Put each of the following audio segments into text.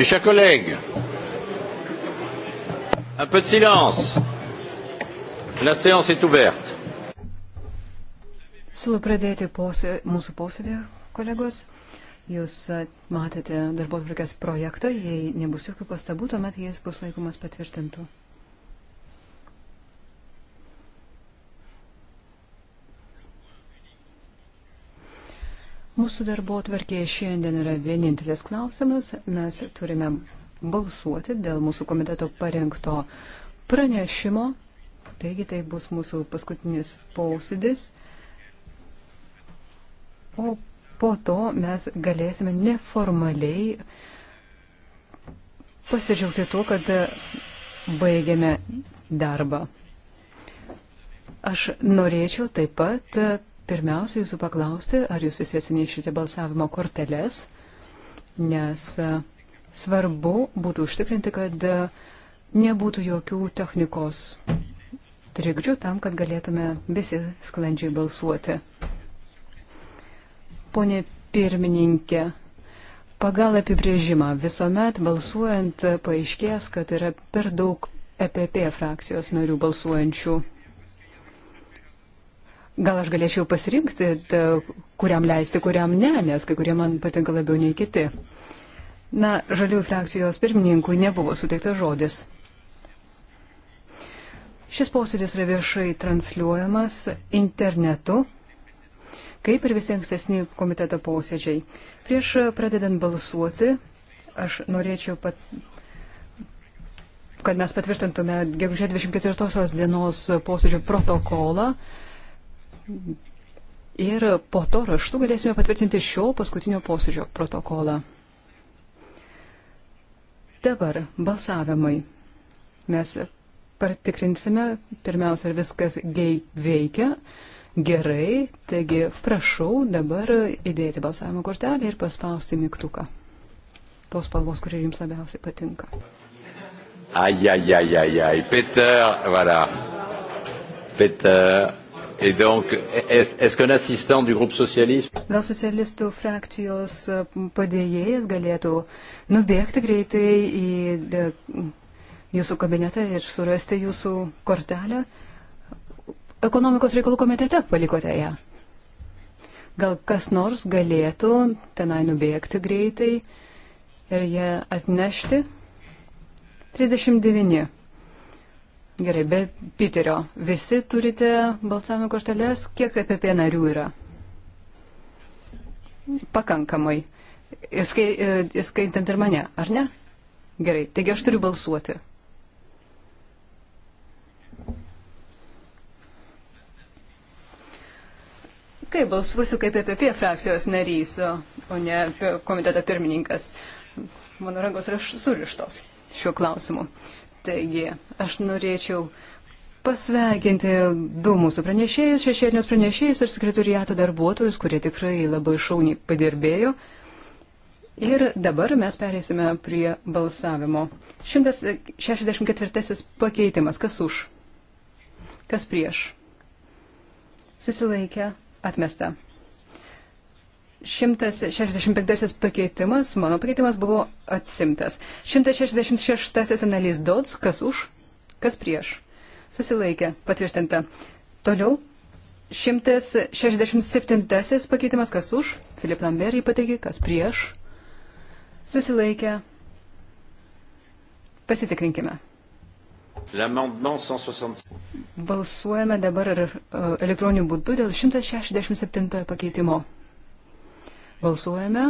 Mes chers collègues, un peu de silence. La séance est ouverte. Siūlau pradėti posė, mūsų posėdį, kolegos. Jūs matėte darbo atvarkės projektą, jei nebus jokių pastabų, tuomet jis bus laikomas patvirtintų. Mūsų darbo atvarkėje šiandien yra vienintelis klausimas. Mes turime balsuoti dėl mūsų komiteto parengto pranešimo. Taigi tai bus mūsų paskutinis pausidis. O po to mes galėsime neformaliai pasidžiaugti tuo, kad baigėme darbą. Aš norėčiau taip pat pirmiausia jūsų paklausti, ar jūs visi atsinešite balsavimo korteles, nes e, svarbu būtų užtikrinti, kad e, nebūtų jokių technikos trikdžių tam, kad galėtume visi sklandžiai balsuoti. Pone pirmininkė, pagal apibrėžimą visuomet balsuojant e, paaiškės, kad yra per daug EPP frakcijos narių balsuojančių. Gal aš galėčiau pasirinkti, ta, kuriam leisti, kuriam ne, nes kai kurie man patinka labiau nei kiti. Na, žaliųjų frakcijos pirmininkui nebuvo suteiktas žodis. Šis posėdis yra viešai transliuojamas internetu, kaip ir visi ankstesni komiteto posėdžiai. Prieš pradedant balsuoti, aš norėčiau, pat, kad mes patvirtintume gegužė 24 dienos posėdžio protokolą. Ir po to raštu galėsime patvirtinti šio paskutinio posėdžio protokolą. Dabar balsavimai. Mes patikrinsime pirmiausia, ar viskas veikia gerai. Taigi prašau dabar įdėti balsavimo kortelę ir paspausti mygtuką. Tos spalvos, kuri jums labiausiai patinka. Ai, ai, ai, ai, ai, Peter, voilà. Peter. Et donc, est-ce qu'un assistant du groupe socialiste... Gal socialistų frakcijos e, padėjėjas galėtų nubėgti greitai į de, jūsų kabinetą ir surasti jūsų kortelę? Ekonomikos reikalų komitete palikote ją. Gal kas nors galėtų tenai nubėgti greitai ir ją atnešti? 39. Gerai, be Piterio. Visi turite balsavimo korteles? Kiek EPP narių yra? Pakankamai. E, įskaitant ir mane, ar ne? Gerai, taigi aš turiu balsuoti. Kai balsuosiu kaip EPP frakcijos narys, o ne komiteto pirmininkas. Mano rankos yra surištos šiuo klausimu. Uh, Taigi, aš norėčiau pasveikinti du mūsų pranešėjus, šešėlinius pranešėjus ir sekretoriato darbuotojus, kurie tikrai labai šauniai padirbėjo. Ir dabar mes perėsime prie balsavimo. 164 pakeitimas. Kas už? Kas prieš? Susilaikę. Atmesta. 165 pakeitimas, mano pakeitimas buvo atsimtas. 166 analys Dodds, kas už, kas prieš. Susilaikė, patvirtinta. Toliau 167 pakeitimas, kas už, Filip Lamberį pateikė, kas prieš. Susilaikė. Pasitikrinkime. Balsuojame dabar uh, elektroniniu būdu dėl 167 pakeitimo. Balsuojame.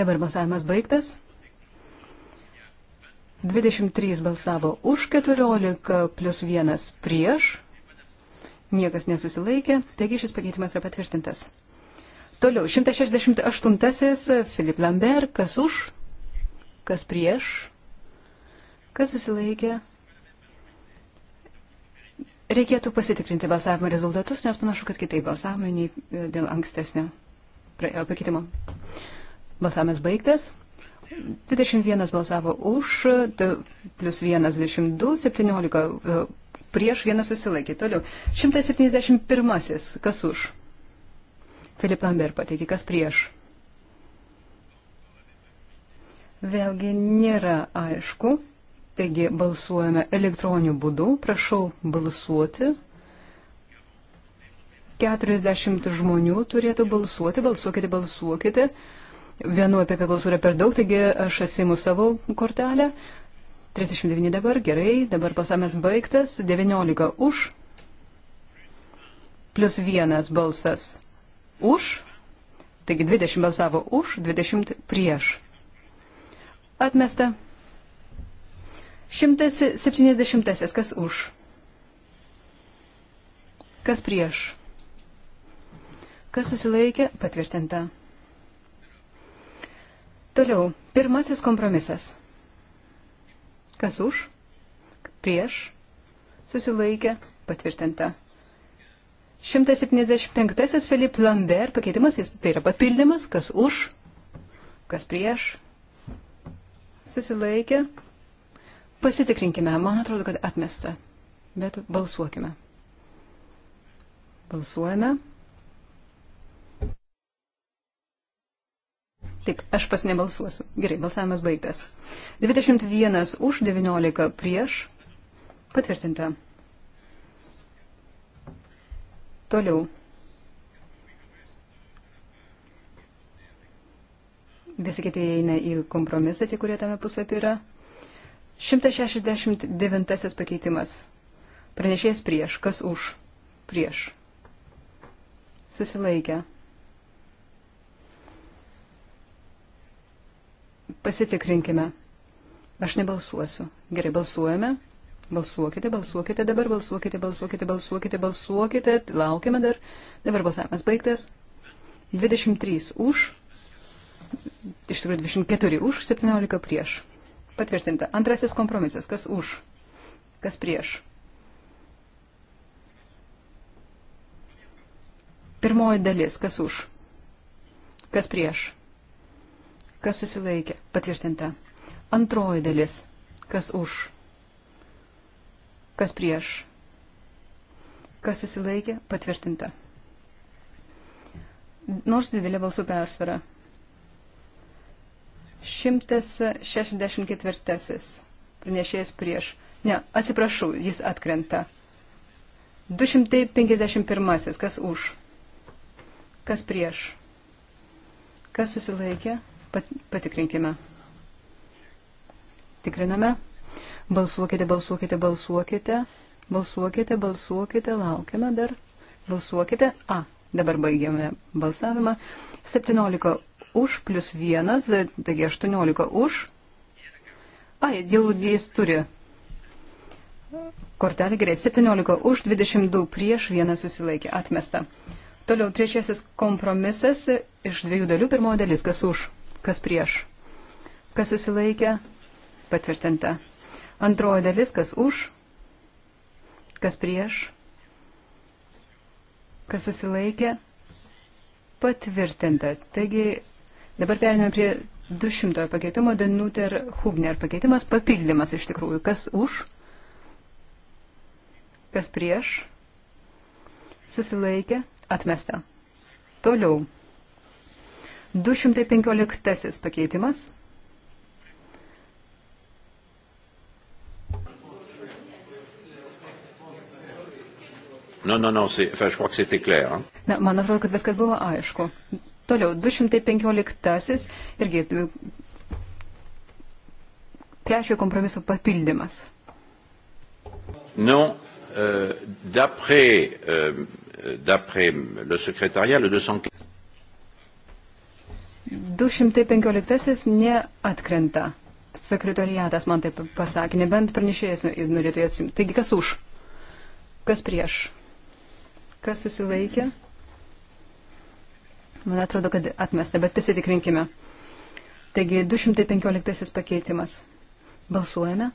Dabar balsavimas baigtas. 23 balsavo už, 14 plus 1 prieš. Niekas nesusilaikė, taigi šis pakeitimas yra patvirtintas. Toliau, 168-asis Filip Lambert, kas už, kas prieš, kas susilaikė, Reikėtų pasitikrinti balsavimo rezultatus, nes panašu, kad kitaip balsavimai nei e, dėl ankstesnio e, pakeitimo. Balsavimas baigtas. 21 balsavo už, plus 1, 22, 17 prieš, 1 susilaikė. Toliau. 171. Kas už? Filip Lambert pateikė, kas prieš. Vėlgi nėra aišku. Taigi balsuojame elektroniniu būdu. Prašau balsuoti. 40 žmonių turėtų balsuoti. Balsuokite, balsuokite. Vienu apie balsų yra per daug, taigi aš asimu savo kortelę. 39 dabar, gerai, dabar pasamės baigtas. 19 už. Plius vienas balsas už. Taigi 20 balsavo už, 20 prieš. Atmesta. 170. Kas už? Kas prieš? Kas susilaikė? Patvirtinta. Toliau. Pirmasis kompromisas. Kas už? Prieš? Susilaikė? Patvirtinta. 175. Filip Lambert pakeitimas, jis tai yra papildymas, kas už, kas prieš, susilaikė, Pasitikrinkime, man atrodo, kad atmesta, bet balsuokime. Balsuojame. Taip, aš pas nebalsuosiu. Gerai, balsavimas baigtas. 21 už, 19 prieš. Patvirtinta. Toliau. Visi kiti įeina į kompromisą, tie, kurie tame puslapyje yra. 169 pakeitimas. Pranešėjas prieš. Kas už? Prieš. Susilaikę. Pasitikrinkime. Aš nebalsuosiu. Gerai, balsuojame. Balsuokite, balsuokite dabar, balsuokite, balsuokite, balsuokite, balsuokite. Laukime dar. Dabar balsavimas baigtas. 23 už. Iš tikrųjų 24 už, 17 prieš. Patvirtinta. Antrasis kompromisas. Kas už? Kas prieš? Pirmoji dalis. Kas už? Kas prieš? Kas susilaikė? Patvirtinta. Antroji dalis. Kas už? Kas prieš? Kas susilaikė? Patvirtinta. Nors didelė balsų persvara. 164. Pranešėjas prieš. Ne, atsiprašau, jis atkrenta. 251. Kas už? Kas prieš? Kas susilaikė? Pat, patikrinkime. Tikriname. Balsuokite, balsuokite, balsuokite. Balsuokite, balsuokite, laukiame dar. Balsuokite. A. Dabar baigiame balsavimą. 17 už plus 1, taigi 18 už. Ai, jau jis turi kortelė gerai. 17 už, 22 prieš, vienas susilaikė, atmesta. Toliau trečiasis kompromisas iš dviejų dalių. Pirmoji dalis, kas už, kas prieš, kas susilaikė, patvirtinta. Antroji dalis, kas už, kas prieš, kas susilaikė, patvirtinta. Taigi Dabar periname prie 200 pakeitimo Danuter Hubner. Pakeitimas papildymas iš tikrųjų. Kas už? Kas prieš? Susilaikė. Atmesta. Toliau. 215 pakeitimas. Non, non, non, enfin, je crois que c'était clair. Hein. Na, man atrodo, kad viskas buvo aišku. Toliau, 215 irgi trečio kompromiso papildymas. Non, euh, d'après euh, le secrétariat, le 215. 215 neatkrenta. Sekretariatas man taip pasakė, nebent pranešėjas nu, norėtų jas. Taigi kas už? Kas prieš? Kas susilaikė? Mm. Man atrodo, kad atmesta, bet pasitikrinkime. Taigi 215 pakeitimas. Balsuojame.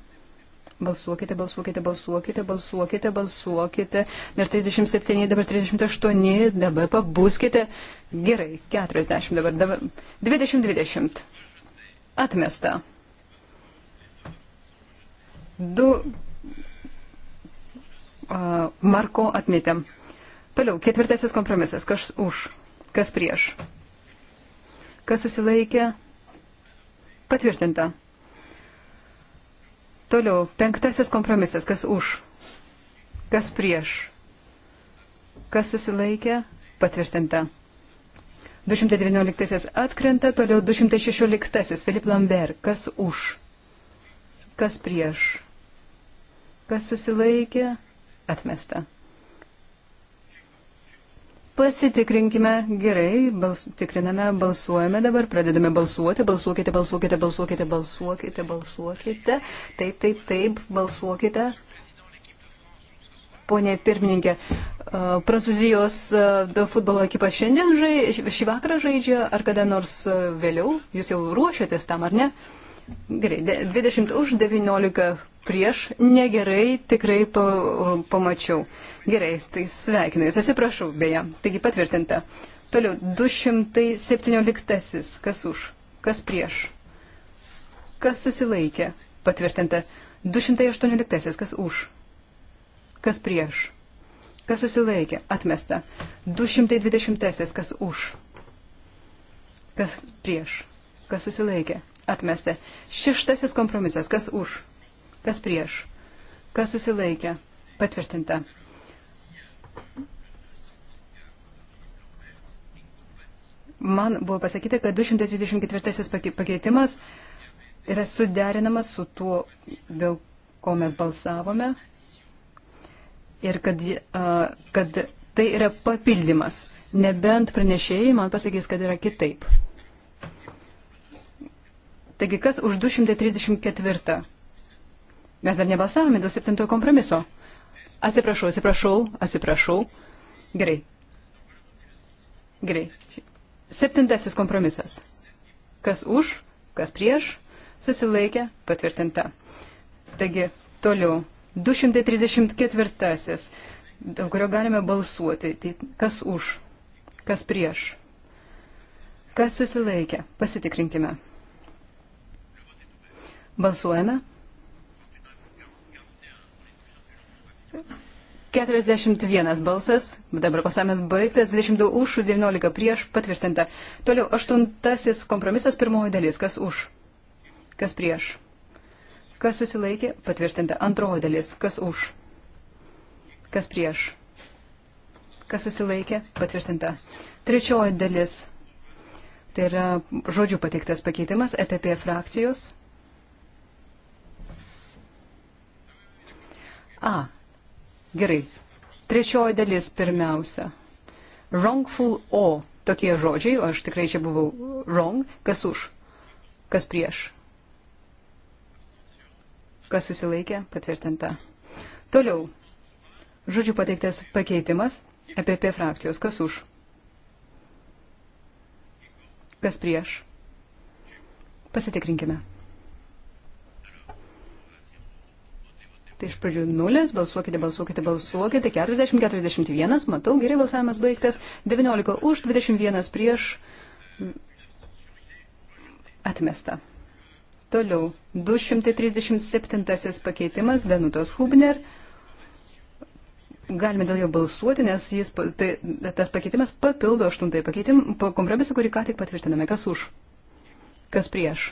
Balsuokite, balsuokite, balsuokite, balsuokite, balsuokite. Dar 37, dabar 38, dabar pabūskite. Gerai, 40 dabar, dabar 20, 20. Atmesta. Du uh, Marko atmetėm. Toliau, ketvirtasis kompromisas. Kas už? Kas prieš? Kas susilaikė? Patvirtinta. Toliau, penktasis kompromisas. Kas už? Kas prieš? Kas susilaikė? Patvirtinta. 219 atkrenta, toliau 216. Filip Lambert. Kas už? Kas prieš? Kas susilaikė? Atmesta. Pasitikrinkime gerai, bals, tikriname, balsuojame dabar, pradedame balsuoti, balsuokite, balsuokite, balsuokite, balsuokite, balsuokite, taip, taip, taip, balsuokite. Pone pirmininkė, Prancūzijos futbolo ekipa šiandien žai, šį vakarą žaidžia, ar kada nors vėliau, jūs jau ruošiatės tam, ar ne? Gerai, 20 už 19 prieš negerai tikrai pamačiau. Gerai, tai sveikinu Jūs, atsiprašau beje. Taigi patvirtinta. Toliau, 217. Kas už? Kas prieš? Kas susilaikė? Patvirtinta. 218. Kas už? Kas prieš? Kas susilaikė? Atmesta. 220. Kas už? Kas prieš? Kas susilaikė? Atmesta. Šeštasis kompromisas. Kas už? Kas prieš? Kas susilaikė? Patvirtinta. Man buvo pasakyta, kad 234 pakeitimas yra suderinamas su tuo, dėl ko mes balsavome ir kad, kad tai yra papildymas. Nebent pranešėjai man pasakys, kad yra kitaip. Taigi kas už 234? Mes dar nebalsavome dėl septintojo kompromiso. Atsiprašau, atsiprašau, atsiprašau. Gerai. Gerai. Septintasis kompromisas. Kas už, kas prieš, susilaikė, patvirtinta. Taigi, toliau. 234, dėl kurio galime balsuoti. Tai kas už, kas prieš, kas susilaikė. Pasitikrinkime. Balsuojame. 41 balsas, dabar pasamės baigtas, 22 už, 19 prieš, patvirtinta. Toliau, aštuntasis kompromisas, pirmoji dalis, kas už, kas prieš, kas susilaikė, patvirtinta. Antroji dalis, kas už, kas prieš, kas susilaikė, patvirtinta. Trečioji dalis, tai yra žodžių pateiktas pakeitimas, EPP frakcijos. A. Gerai. Trečioji dalis pirmiausia. Wrongful o. Tokie žodžiai, o aš tikrai čia buvau wrong. Kas už? Kas prieš? Kas susilaikė? Patvirtinta. Toliau. Žodžių pateiktas pakeitimas. EPP frakcijos. Kas už? Kas prieš? Pasitikrinkime. Tai iš pradžių nulis, balsuokite, balsuokite, balsuokite, 40, 41, matau, gerai balsavimas baigtas, 19 už, 21 prieš, atmesta. Toliau, 237 pakeitimas, Danutos Hubner. Galime dėl jo balsuoti, nes jis, tai, tas pakeitimas papildo aštuntąjį pakeitimą, kompromisą, kurį ką tik patvirtiname. Kas už? Kas prieš?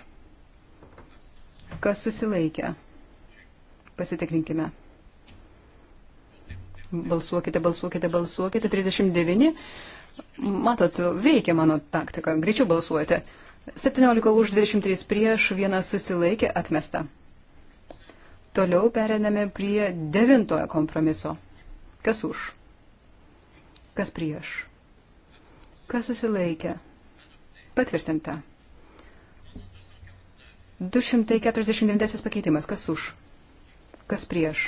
Kas susilaikė? Pasitikrinkime. Balsuokite, balsuokite, balsuokite. 39. Matot, veikia mano taktika. Greičiau balsuojate. 17 už 23 prieš, vienas susilaikė, atmesta. Toliau periname prie devintojo kompromiso. Kas už? Kas prieš? Kas susilaikė? Patvirtinta. 249 pakeitimas. Kas už? kas prieš,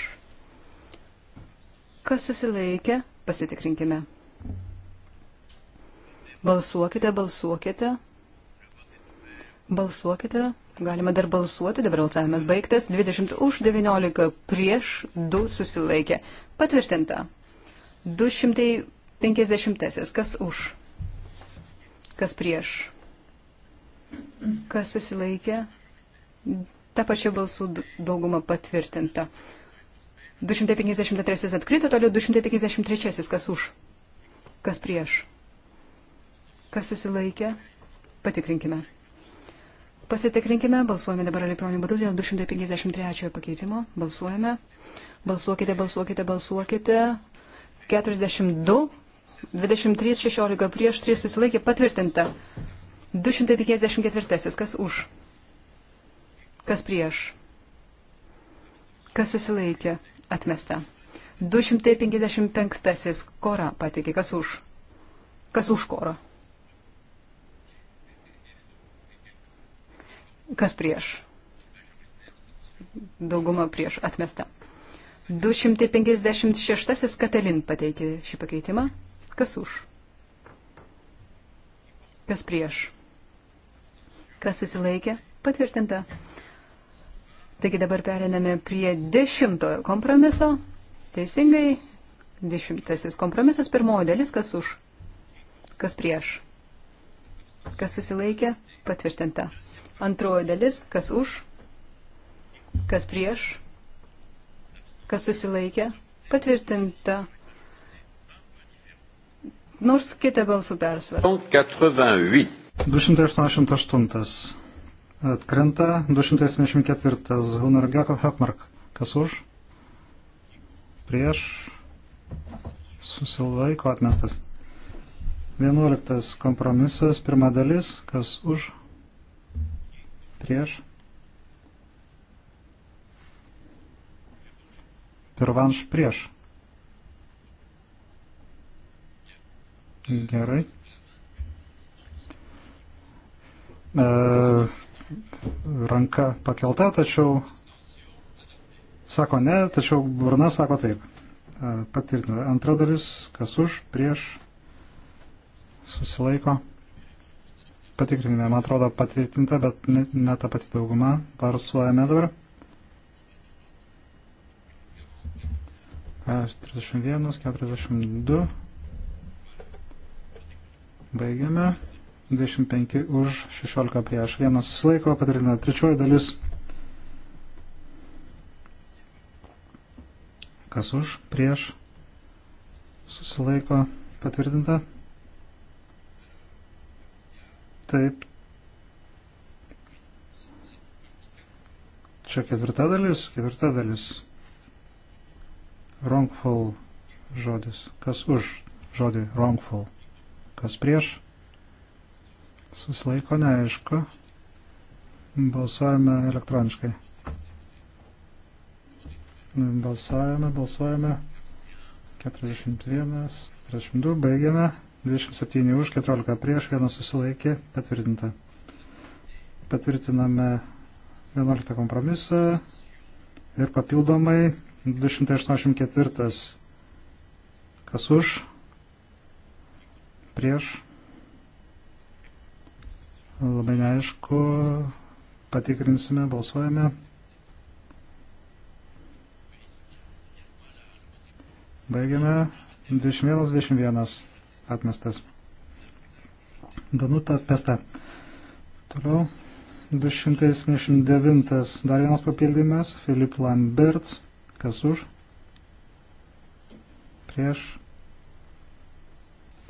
kas susilaikė, pasitikrinkime. Balsuokite, balsuokite, balsuokite, galima dar balsuoti, dabar balsavimas baigtas, 20 už 19 prieš 2 susilaikė. Patvirtinta. 250. Kas už? Kas prieš? Kas susilaikė? ta pačia balsų dauguma patvirtinta. 253 atkrito, toliau 253 kas už, kas prieš, kas susilaikė, patikrinkime. Pasitikrinkime, balsuojame dabar elektroniniu būdu dėl 253 pakeitimo, balsuojame, balsuokite, balsuokite, balsuokite, 42, 23, 16 prieš 3 susilaikė, patvirtinta. 254 kas už Kas prieš? Kas susilaikė? Atmesta. 255 korą patikė. Kas už? Kas už korą? Kas prieš? Dauguma prieš atmesta. 256 Katalin pateikė šį pakeitimą. Kas už? Kas prieš? Kas susilaikė? Patvirtinta. Taigi dabar periname prie dešimtojo kompromiso. Teisingai, dešimtasis kompromisas, pirmoji dalis, kas už, kas prieš, kas susilaikė, patvirtinta. Antroji dalis, kas už, kas prieš, kas susilaikė, patvirtinta. Nors kitą balsų persvarą. 288 atkrenta 274 Hunar Hakmark. Kas už? Prieš susilaiko atmestas. 11 kompromisas, pirma dalis, kas už, prieš. Pirvanš prieš. Gerai. Uh, e ranka pakelta, tačiau sako ne, tačiau burna sako taip. E, patvirtina. Antra dalis, kas už, prieš, susilaiko. Patikrinime, man atrodo, patvirtinta, bet ne, ne ta pati dauguma. Varsuojame dabar. 31, 42. Baigiame. 25 už, 16 prieš, vienas susilaiko, patvirtina trečioji dalis. Kas už, prieš, susilaiko, patvirtinta. Taip. Čia ketvirta dalis, ketvirta dalis. Wrongful žodis. Kas už žodį wrongful? Kas prieš? Susilaiko neaišku. Balsuojame elektroniškai. Balsuojame, balsuojame. 41, 42, baigiame. 27 už, 14 prieš, vienas susilaikė, patvirtinta. Patvirtiname 11 kompromisą ir papildomai 284. Kas už? Prieš? Labai neaišku. Patikrinsime, balsuojame. Baigiame. 21-21 atmestas. Danuta Pesta. Toliau. 279. Dar vienas papildymas. Filip Lamberts. Kas už? Prieš.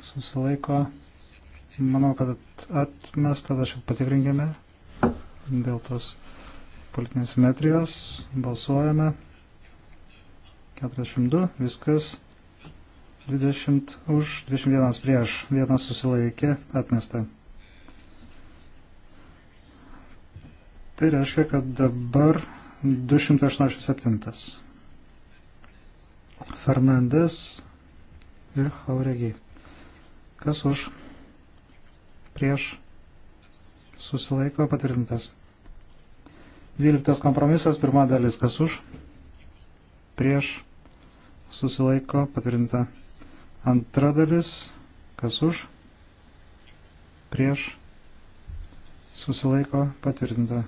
Susilaiko. Susilaiko Manau, kad atmesta, tačiau patikrinkime dėl tos politinės simetrijos. Balsuojame. 42, viskas. 20 už, 21 prieš, vienas susilaikė, atmesta. Tai reiškia, kad dabar 287. Fernandes ir Hauregiai. Kas už? prieš susilaiko patvirtintas. 12 kompromisas, pirma dalis, kas už, prieš susilaiko patvirtinta. Antra dalis, kas už, prieš susilaiko patvirtinta.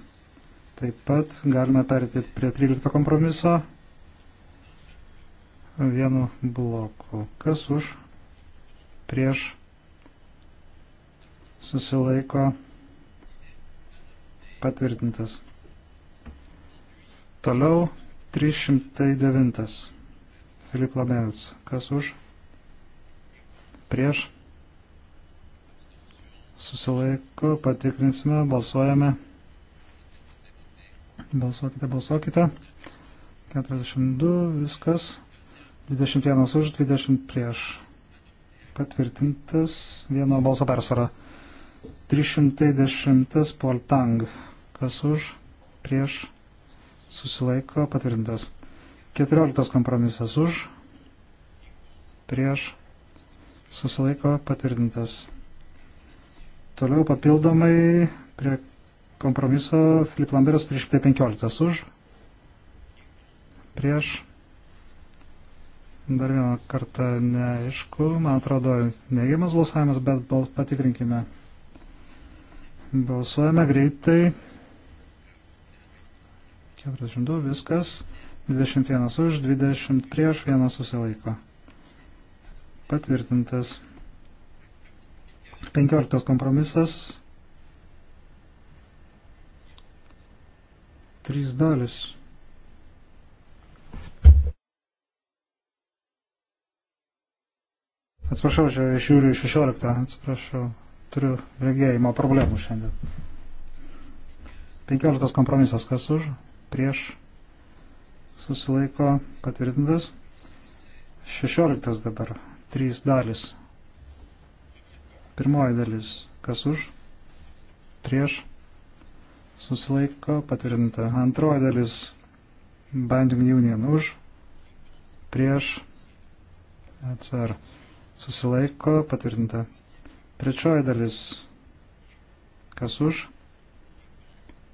Taip pat galime perėti prie 13 kompromiso vienu bloku. Kas už, prieš susilaiko patvirtintas. Toliau 309. Filip Lamevits. Kas už? Prieš. Susilaiko, patikrinsime, balsuojame. Balsuokite, balsuokite. 42, viskas. 21 už, 20 prieš. Patvirtintas vieno balso persvara. 310 poltang. Kas už, prieš, susilaiko, patvirtintas. 14 kompromisas už, prieš, susilaiko, patvirtintas. Toliau papildomai prie kompromiso Filip Lamberas 315 už, prieš, dar vieną kartą neaišku, man atrodo, neigiamas balsavimas, bet patikrinkime. Balsuojame greitai. 42 viskas. 21 už, 20 prieš, 1 susilaiko. Patvirtintas. 15 kompromisas. 3 dalis. Atsiprašau, čia aš žiūriu 16, atsiprašau. Turiu regėjimo problemų šiandien. 15 kompromisas kas už, prieš, susilaiko patvirtintas. 16 dabar, 3 dalis. Pirmoji dalis kas už, prieš, susilaiko patvirtinta. Antroji dalis Banding Union už, prieš, atsar susilaiko patvirtinta. Trečioji dalis. Kas už?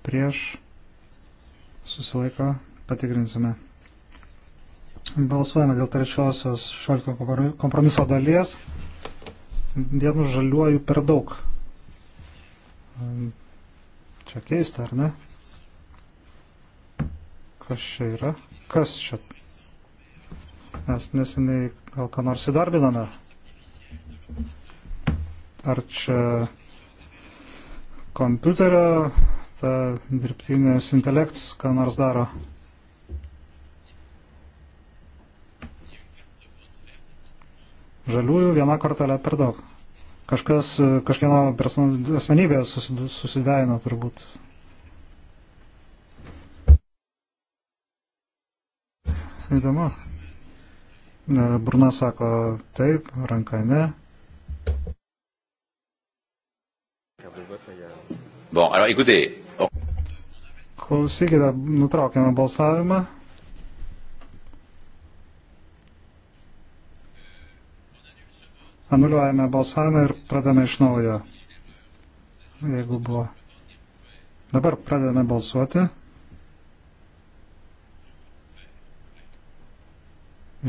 Prieš. Susilaiko. Patikrinsime. Balsuojame dėl trečiosios 16 kompromiso dalies. Vienu žaliuoju per daug. Ehm, čia keista, ar ne? Kas čia yra? Kas čia? Mes neseniai gal ką nors įdarbiname ar čia kompiuterio, ta dirbtinės intelektas, ką nors daro. Žaliųjų viena kortelė per daug. Kažkas, kažkieno asmenybė susidaino turbūt. Įdomu. E, Burna sako taip, ranka ne. Bon, alors écoutez. Klausykite, nutraukiame balsavimą. Anuliuojame balsavimą ir pradame iš naujo. Jeigu buvo. Dabar pradedame balsuoti.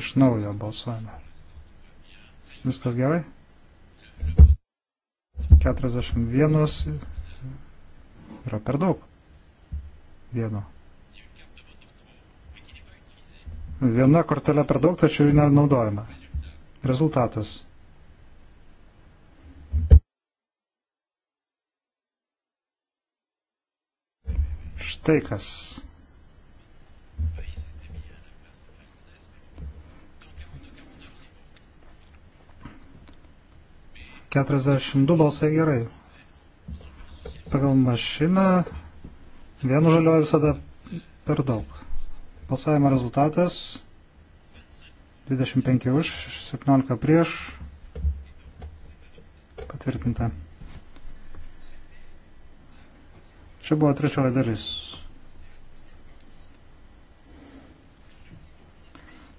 Iš naujo balsuojame. Viskas gerai? 41 yra per daug. Vieno. Viena kortelė per daug, tačiau jų nenaudojama. Rezultatas. Štai kas. 42 balsai gerai. Pagal mašiną vienu žaliuoju visada per daug. Balsavimo rezultatas 25 už, 17 prieš. Patvirtinta. Čia buvo trečioji dalis.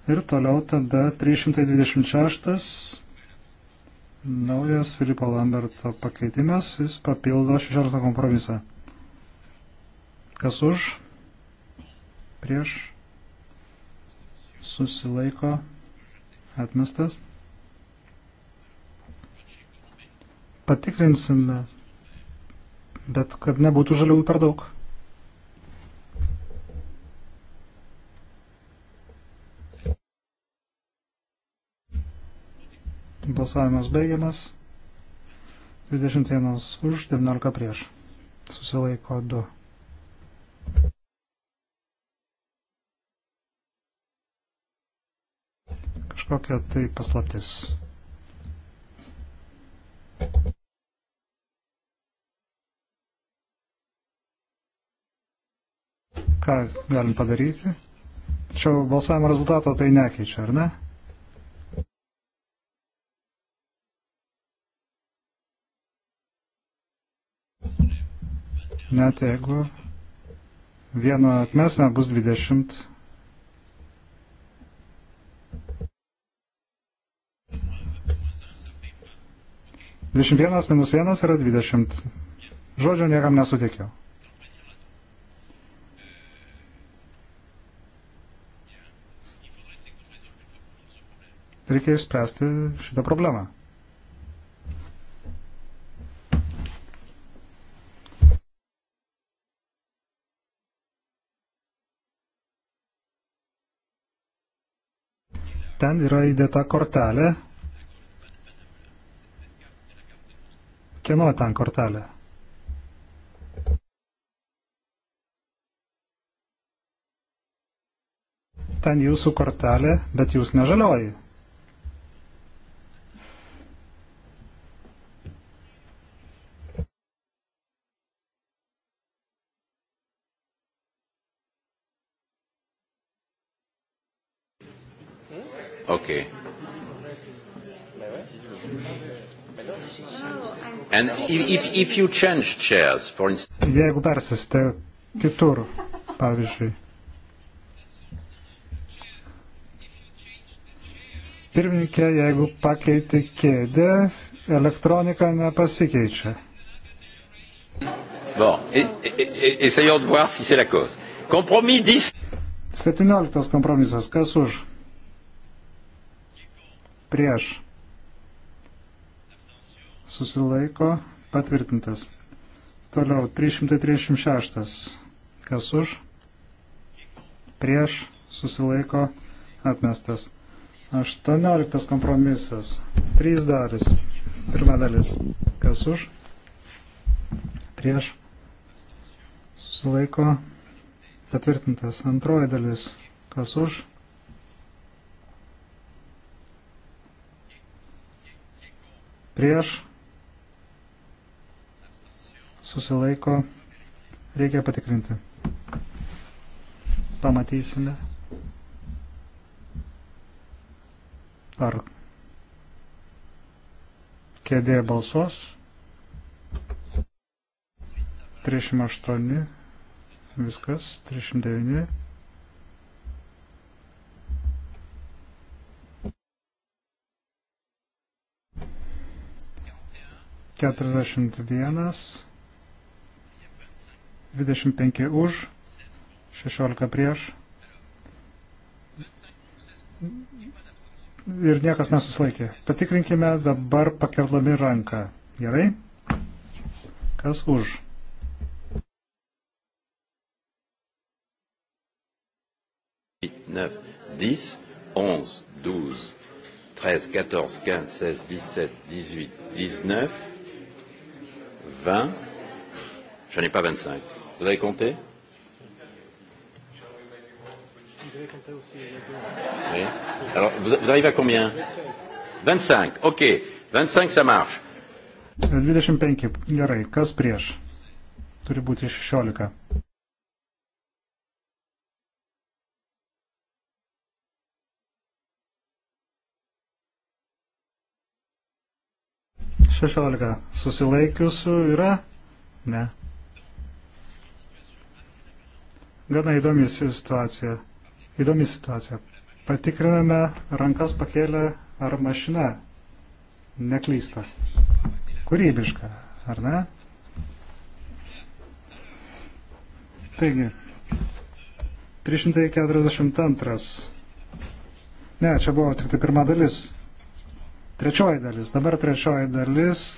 Ir toliau tada 326 Naujas Filipo Lamberto pakeitimas, jis papildo 16 kompromisą. Kas už? Prieš? Susilaiko? Atmestas? Patikrinsime, bet kad nebūtų žaliųjų per daug. Balsavimas baigiamas. 21 už, 19 prieš. Susilaiko 2. Kažkokia tai paslaptis. Ką galim padaryti? Tačiau balsavimo rezultato tai nekeičia, ar ne? net jeigu vieno atmesme bus 20. Dvidešimt vienas minus vienas yra dvidešimt. Žodžio niekam nesutikiau. Reikia išspręsti šitą problemą. ten yra įdėta kortelė. Kieno ten kortelė? Ten jūsų kortelė, bet jūs nežalioji. Ok. And if, if you change chairs, for instance... Jeigu persiste kitur, pavyzdžiui. Pirmininkė, jeigu pakeiti kėdę, elektronika nepasikeičia. Bon, essayons de voir si c'est la cause. Compromis 10. 17 kompromisas, kas už? prieš susilaiko patvirtintas. Toliau 336. Kas už? Prieš susilaiko atmestas. 18 kompromisas. 3 dalis. Pirma dalis. Kas už? Prieš susilaiko patvirtintas. Antroji dalis. Kas už? prieš, susilaiko, reikia patikrinti. Pamatysime. Ar kėdė balsuos. 38, viskas, 309. 41, 25 už, 16 prieš. Ir niekas nesuslaikė. Patikrinkime dabar pakeldami ranką. Gerai? Kas už? neuf, dix, onze, douze, treize, quatorze, quinze, seize, dix-sept, dix-huit, dix-neuf. 20. Je n'ai pas 25. Vous avez compté oui. Alors, vous, vous arrivez à combien 25. OK. 25, ça marche. 25. Gerai. Kas prieš? Turi būti 16. 16 susilaikiusių yra? Ne. Gana įdomi situacija. Įdomi situacija. Patikriname rankas pakėlę ar mašina neklysta. Kūrybiška, ar ne? Taigi, 342. Ne, čia buvo tik tai pirma dalis. Trečioji dalis. Dabar trečioji dalis.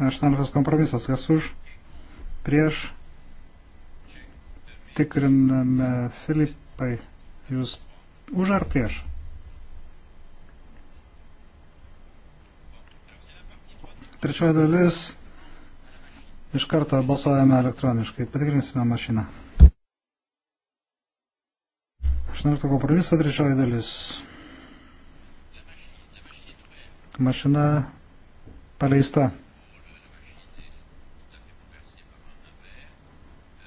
18 kompromisas. Kas už? Prieš. Tikriname Filipai. Jūs už ar prieš? Trečioji dalis. Iš karto balsuojame elektroniškai. Patikrinsime mašiną. 18 kompromiso trečioji dalis mašina paleista.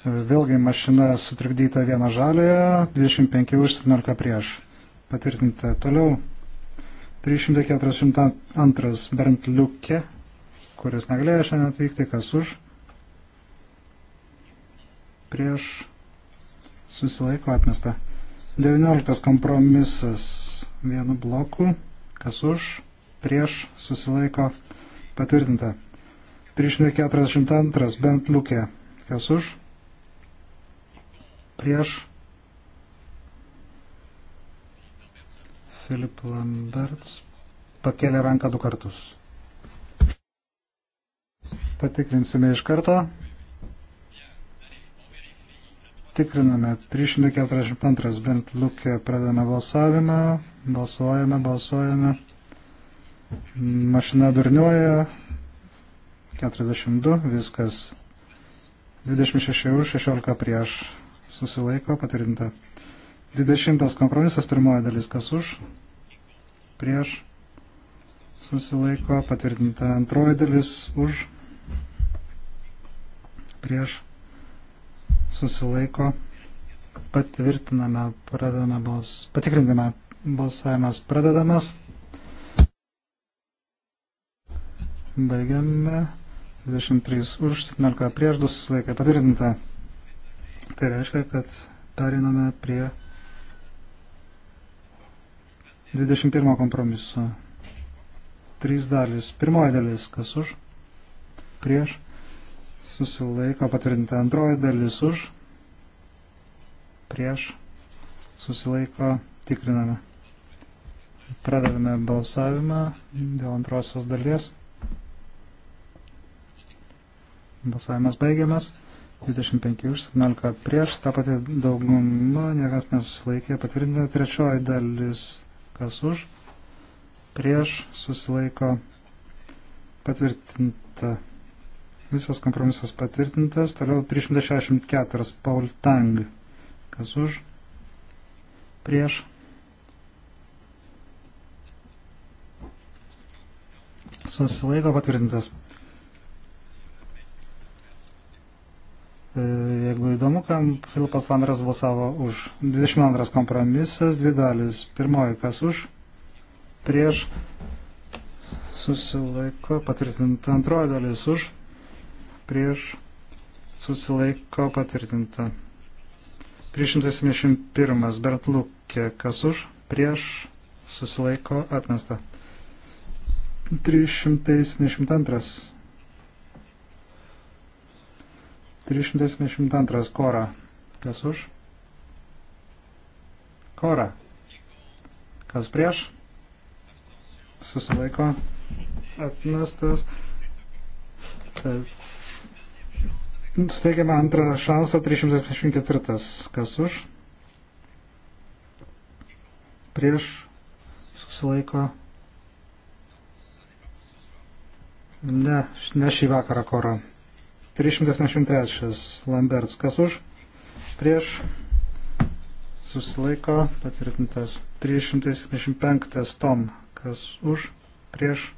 Vėlgi mašina sutrikdyta vieno žaliojo, 25 už 17 prieš. Patvirtinta toliau. 342 Bernd Liukė, kuris negalėjo šiandien atvykti, kas už. Prieš susilaiko atmesta. 19 kompromisas vienu bloku, kas už prieš susilaiko patvirtinta. 342 bent liukė. Kas už? Prieš. Filip Lamberts pakėlė ranką du kartus. Patikrinsime iš karto. Tikriname 342 bent liukė, pradame balsavimą, balsuojame, balsuojame. balsuojame mašina durniuoja, 42, viskas 26 už, 16 prieš, susilaiko patvirtinta. 20 kompromisas, pirmoji dalis, kas už, prieš, susilaiko patvirtinta. Antroji dalis už, prieš, susilaiko patvirtiname, pradedame bals, patikrindame balsavimas pradedamas. Baigiame. 23 už 17 prieš 2 susilaikė patvirtinta. Tai reiškia, kad periname prie 21 kompromiso. 3 dalis. Pirmoji dalis, kas už, prieš, susilaiko patvirtinta. Antroji dalis už, prieš, susilaiko tikriname. Pradedame balsavimą dėl antrosios dalies. Balsavimas baigiamas. 25 už 17 prieš. Ta pati dauguma niekas nesusilaikė. Patvirtinta trečioji dalis kas už. Prieš susilaiko patvirtinta. Visas kompromisas patvirtintas. Toliau 364 Paul Tang. Kas už? Prieš. Susilaiko patvirtintas. E, jeigu įdomu, kam Filipas Lamberas balsavo už 22 kompromisas, dvi dalis. Pirmoji, kas už, prieš, susilaiko, patvirtinta. Antroji dalis už, prieš, susilaiko, patvirtinta. 371 Bertlukė, kas už, prieš, susilaiko, atmesta. 372 372 korą. Kas už? Korą. Kas prieš? Susilaiko. Atmestas. Suteikiame antrą šansą 374. Kas už? Prieš susilaiko. Ne, ne šį vakarą korą. 373 Lamberts, kas už, prieš, susilaiko, patvirtintas 375 Tom, kas už, prieš,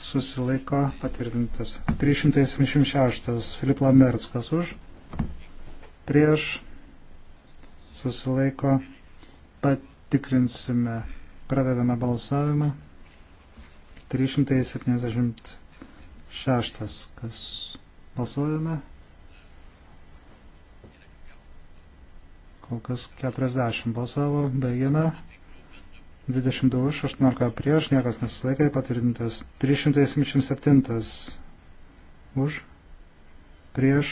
susilaiko, patvirtintas 376 Filip Lamberts, kas už, prieš, susilaiko, patikrinsime, pradedame balsavimą 376, kas Balsuojame. Kol kas 40 balsavo, baigiame. 22 už, 18 prieš, niekas nesusilaikė, patvirtintas. 377 už, prieš,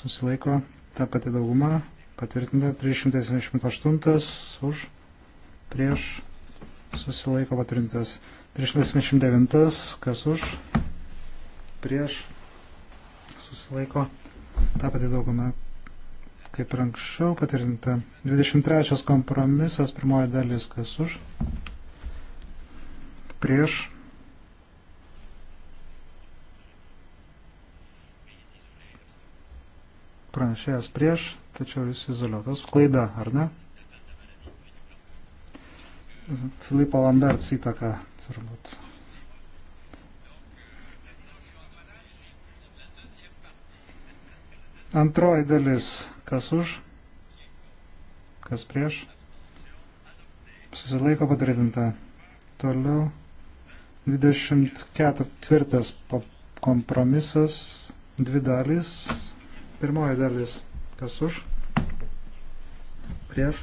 susilaiko, ta pati dauguma, patvirtinta. 378 už, prieš, susilaiko, patvirtintas. 379, kas už, prieš susilaiko tą patį daugumą kaip ir anksčiau patvirtinta. 23 kompromisas, pirmoji dalis, kas už, prieš, pranešėjas prieš, tačiau jis izoliuotas. Klaida, ar ne? Filipo Lamberts įtaka, turbūt. Antroji dalis, kas už, kas prieš, susilaiko patvirtinta. Toliau 24 kompromisas, dvi dalys. Pirmoji dalis, kas už, prieš,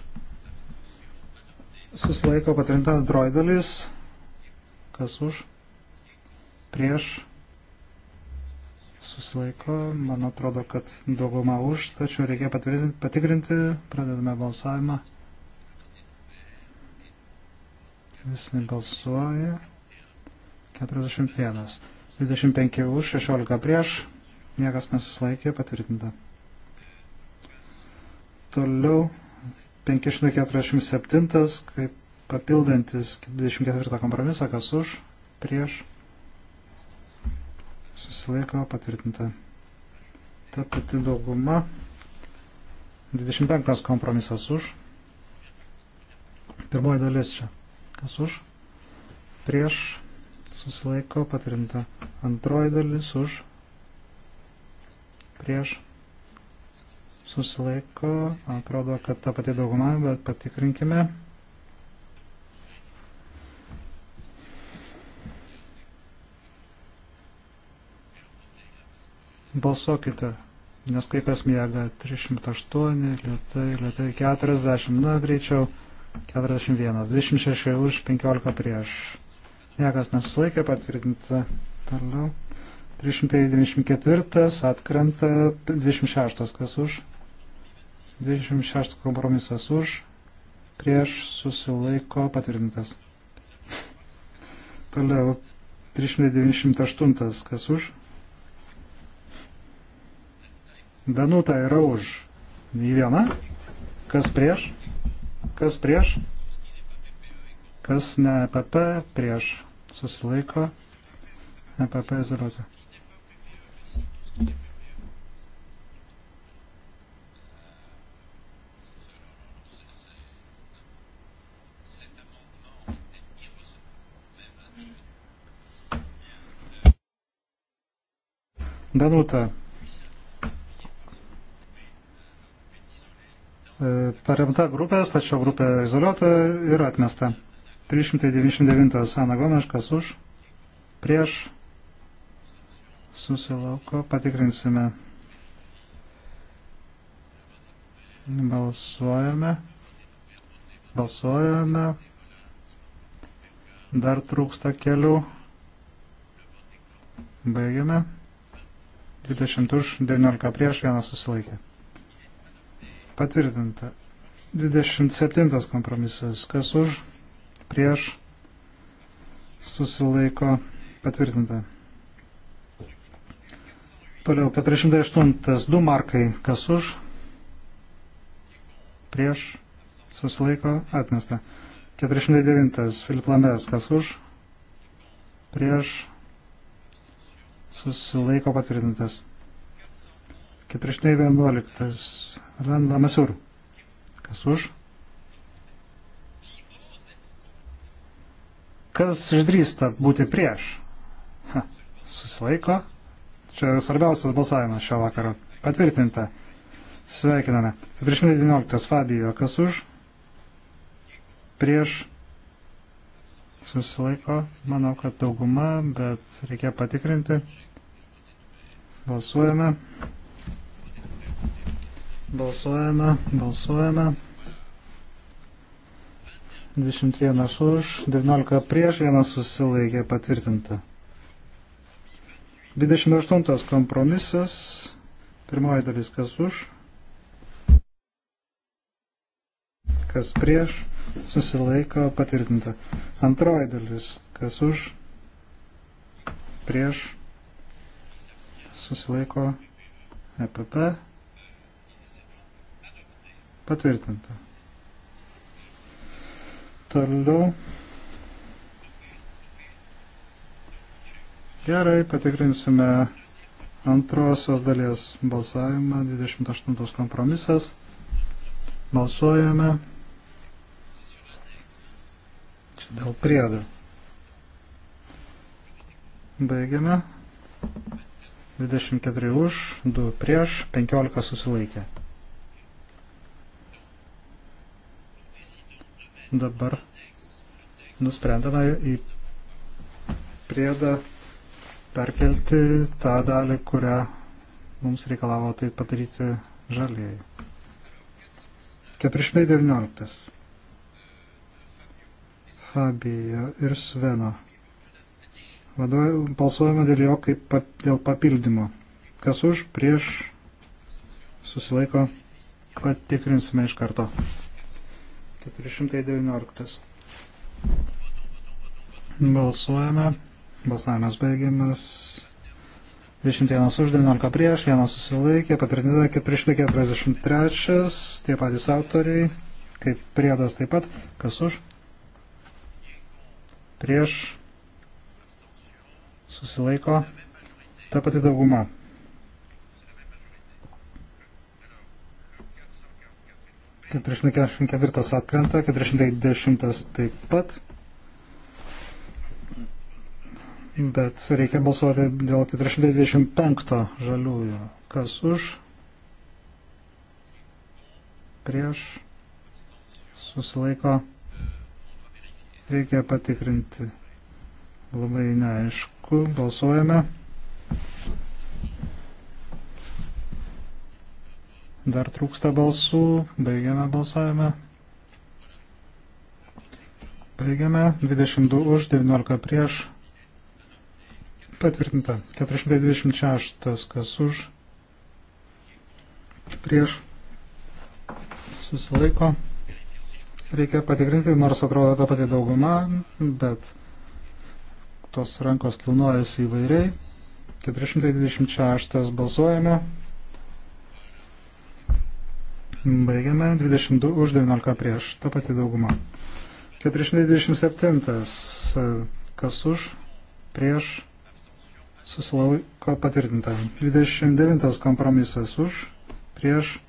susilaiko patvirtinta. Antroji dalis, kas už, prieš, susilaiko, man atrodo, kad dauguma už, tačiau reikia patikrinti, pradedame balsavimą. Visi balsuoja. 41. 25 už, 16 prieš, niekas nesuslaikė, patvirtinta. Toliau 547, kaip papildantis 24 kompromisą, kas už, prieš, susilaiko patvirtinta. Ta pati dauguma. 25 kompromisas už. Pirmoji dalis čia. Kas už? Prieš susilaiko patvirtinta. Antroji dalis už. Prieš susilaiko. Atrodo, kad ta pati dauguma, bet patikrinkime. Balsuokite, nes kai kas miega 308, lietai, lietai 40, na greičiau 41, 26 už, 15 prieš. Niekas nesusilaikė patvirtinti toliau. 394 atkrenta 26, kas už. 26 kompromisas už, prieš susilaiko patvirtintas. Toliau 398, kas už Danuta yra už. Į vieną. Kas prieš? Kas prieš? Kas ne EPP prieš? Susilaiko. EPP izoliuoti. Danuta E, paremta grupės, tačiau grupė izoliuota ir atmesta. 399 Sana Gomiškas už, prieš, susilauko, patikrinsime. Balsuojame. Balsuojame. Dar trūksta kelių. Baigiame. 20 už, 19 prieš, vienas susilaikė. Patvirtinta. 27 kompromisas. Kas už, prieš, susilaiko, patvirtinta. Toliau 408. Du markai. Kas už, prieš, susilaiko, atmesta. 409. Filip Lamės. Kas už, prieš, susilaiko, patvirtintas. 411. Lamasur. Kas už? Kas išdrįsta būti prieš? Ha, susilaiko. Čia svarbiausias balsavimas šio vakaro. Patvirtinta. Sveikiname. 419. Fabijo. Kas už? Prieš. Susilaiko. Manau, kad dauguma, bet reikia patikrinti. Balsuojame. Balsuojame. Balsuojame, balsuojame. 21 už, 19 prieš, 1 susilaikė patvirtinta. 28 kompromisas, pirmoji dalis kas už, kas prieš, susilaiko patvirtinta. Antroji dalis kas už, prieš, susilaiko EPP. Patvirtinta. Toliau. Gerai, patikrinsime antrosios dalies balsavimą. 28 kompromisas. Balsuojame. Čia dėl priedo. Baigiame. 24 už, 2 prieš, 15 susilaikė. dabar nusprendama į priedą perkelti tą dalį, kurią mums reikalavo tai padaryti žalieji. 419. Fabija ir Sveno. Balsuojame dėl jo kaip pat, dėl papildymo. Kas už, prieš, susilaiko, patikrinsime iš karto. 419. Balsuojame. Balsavimas baigiamas. 21 už 19 prieš, vienas susilaikė, patvirtinta 443, tie patys autoriai, kaip priedas taip pat, kas už, prieš, susilaiko, ta pati dauguma. 444 atkrenta, 410 taip pat. Bet reikia balsuoti dėl 425 žaliųjų. Kas už? Prieš? Susilaiko? Reikia patikrinti. Labai neaišku. Balsuojame. Dar trūksta balsų. Baigiame balsavimą. Baigiame. 22 už, 19 prieš. Patvirtinta. 426 kas už. Prieš. Susilaiko. Reikia patikrinti, nors atrodo ta pati dauguma, bet tos rankos kilnojasi įvairiai. 426 balsuojame. Baigiame 22 už 19 prieš. Ta pati dauguma. 427. Kas už, prieš, susilaiko patvirtinta. 29 kompromisas už, prieš,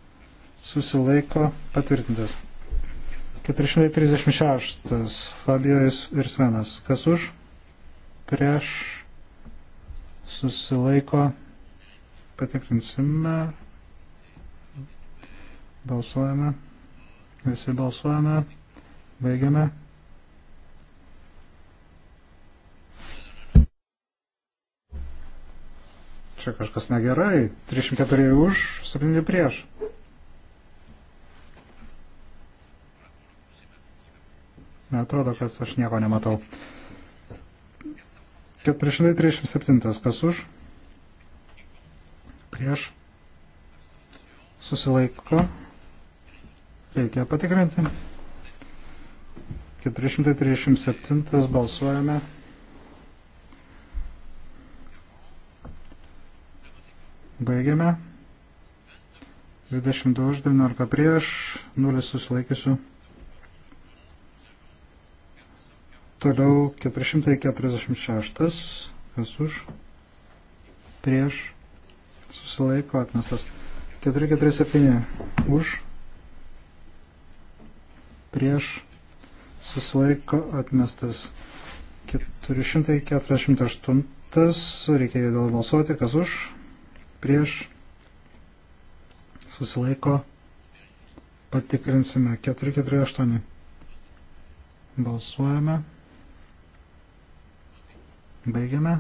susilaiko patvirtintas. 436. Fabijos ir Svenas. Kas už, prieš, susilaiko patvirtinsime. Balsuojame. Visi balsuojame. Baigiame. Čia kažkas negerai. 304 už, 7 prieš. Netrodo, kad aš nieko nematau. 437, kas už? Prieš. Susilaiko. Reikia patikrinti. 437 balsuojame. Baigiame. 22 už 19 prieš, 0 susilaikysiu. Toliau 446, kas už, prieš, susilaiko atmestas. 447 už, prieš susilaiko atmestas 448, reikėjo dėl balsuoti, kas už, prieš susilaiko patikrinsime 448. Balsuojame. Baigiame.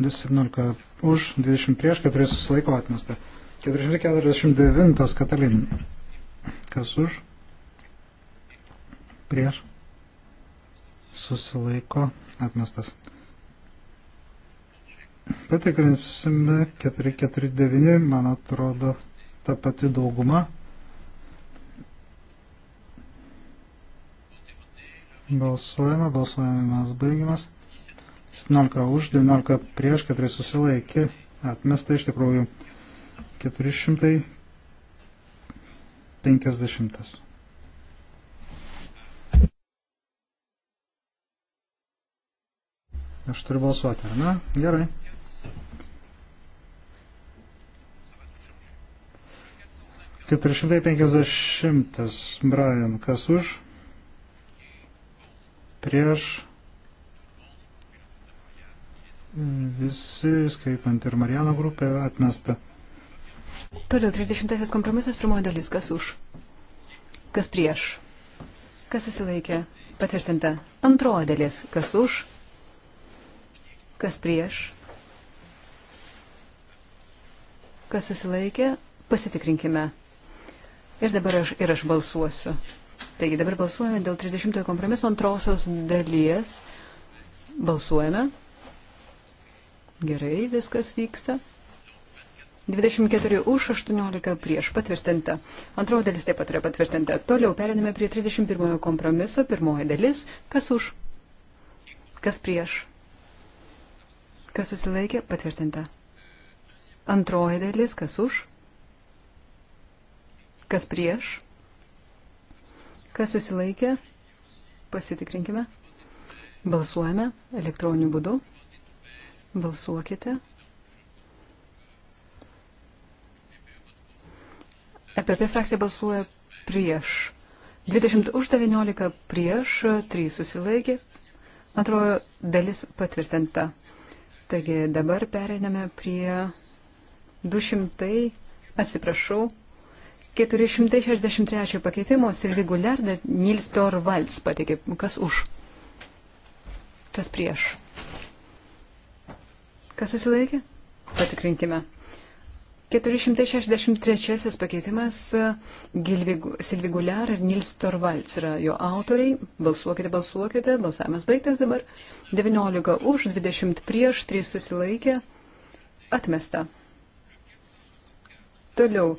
17 už, 20 prieš, 4 susilaiko atmesta. 449 Katalin. Kas už? prieš, susilaiko, atmestas. Patikrinsime 449, man atrodo, ta pati dauguma. Balsuojame, balsuojamas baigimas. 17 už, 19 prieš, 4 susilaikė, atmesta iš tikrųjų 450. Aš turiu balsuoti, ar ne? Gerai. Keturišimtai penkiasdešimtas Brian, kas už? Prieš visi, skaitant ir Marijano grupę, atmesta. Toliau 30 kompromisas, pirmoji dalis, kas už? Kas prieš? Kas susilaikė? Patvirtinta. Antroji dalis, kas už? kas prieš, kas susilaikė, pasitikrinkime. Ir dabar aš, ir aš balsuosiu. Taigi dabar balsuojame dėl 30 kompromiso antrosios dalies. Balsuojame. Gerai, viskas vyksta. 24 už, 18 prieš patvirtinta. Antroji dalis taip pat yra patvirtinta. Toliau periname prie 31 kompromiso. Pirmoji dalis. Kas už? Kas prieš? Kas susilaikė? Patvirtinta. Antroji dalis. Kas už? Kas prieš? Kas susilaikė? Pasitikrinkime. Balsuojame elektroniniu būdu. Balsuokite. EPP frakcija balsuoja prieš. 20 už 19 prieš, 3 susilaikė. Antrojo dalis patvirtinta. Taigi dabar pereiname prie 200, atsiprašau, 463 pakeitimo Silvi Guliarda Nils Torvalds pateikė. Kas už? Kas prieš? Kas susilaikė? Patikrinkime. 463 pakeitimas e, Silviguliar ir Nils Torvalds yra jo autoriai. Balsuokite, balsuokite. Balsavimas baigtas dabar. 19 už, 20 prieš, 3 susilaikė. Atmesta. Toliau.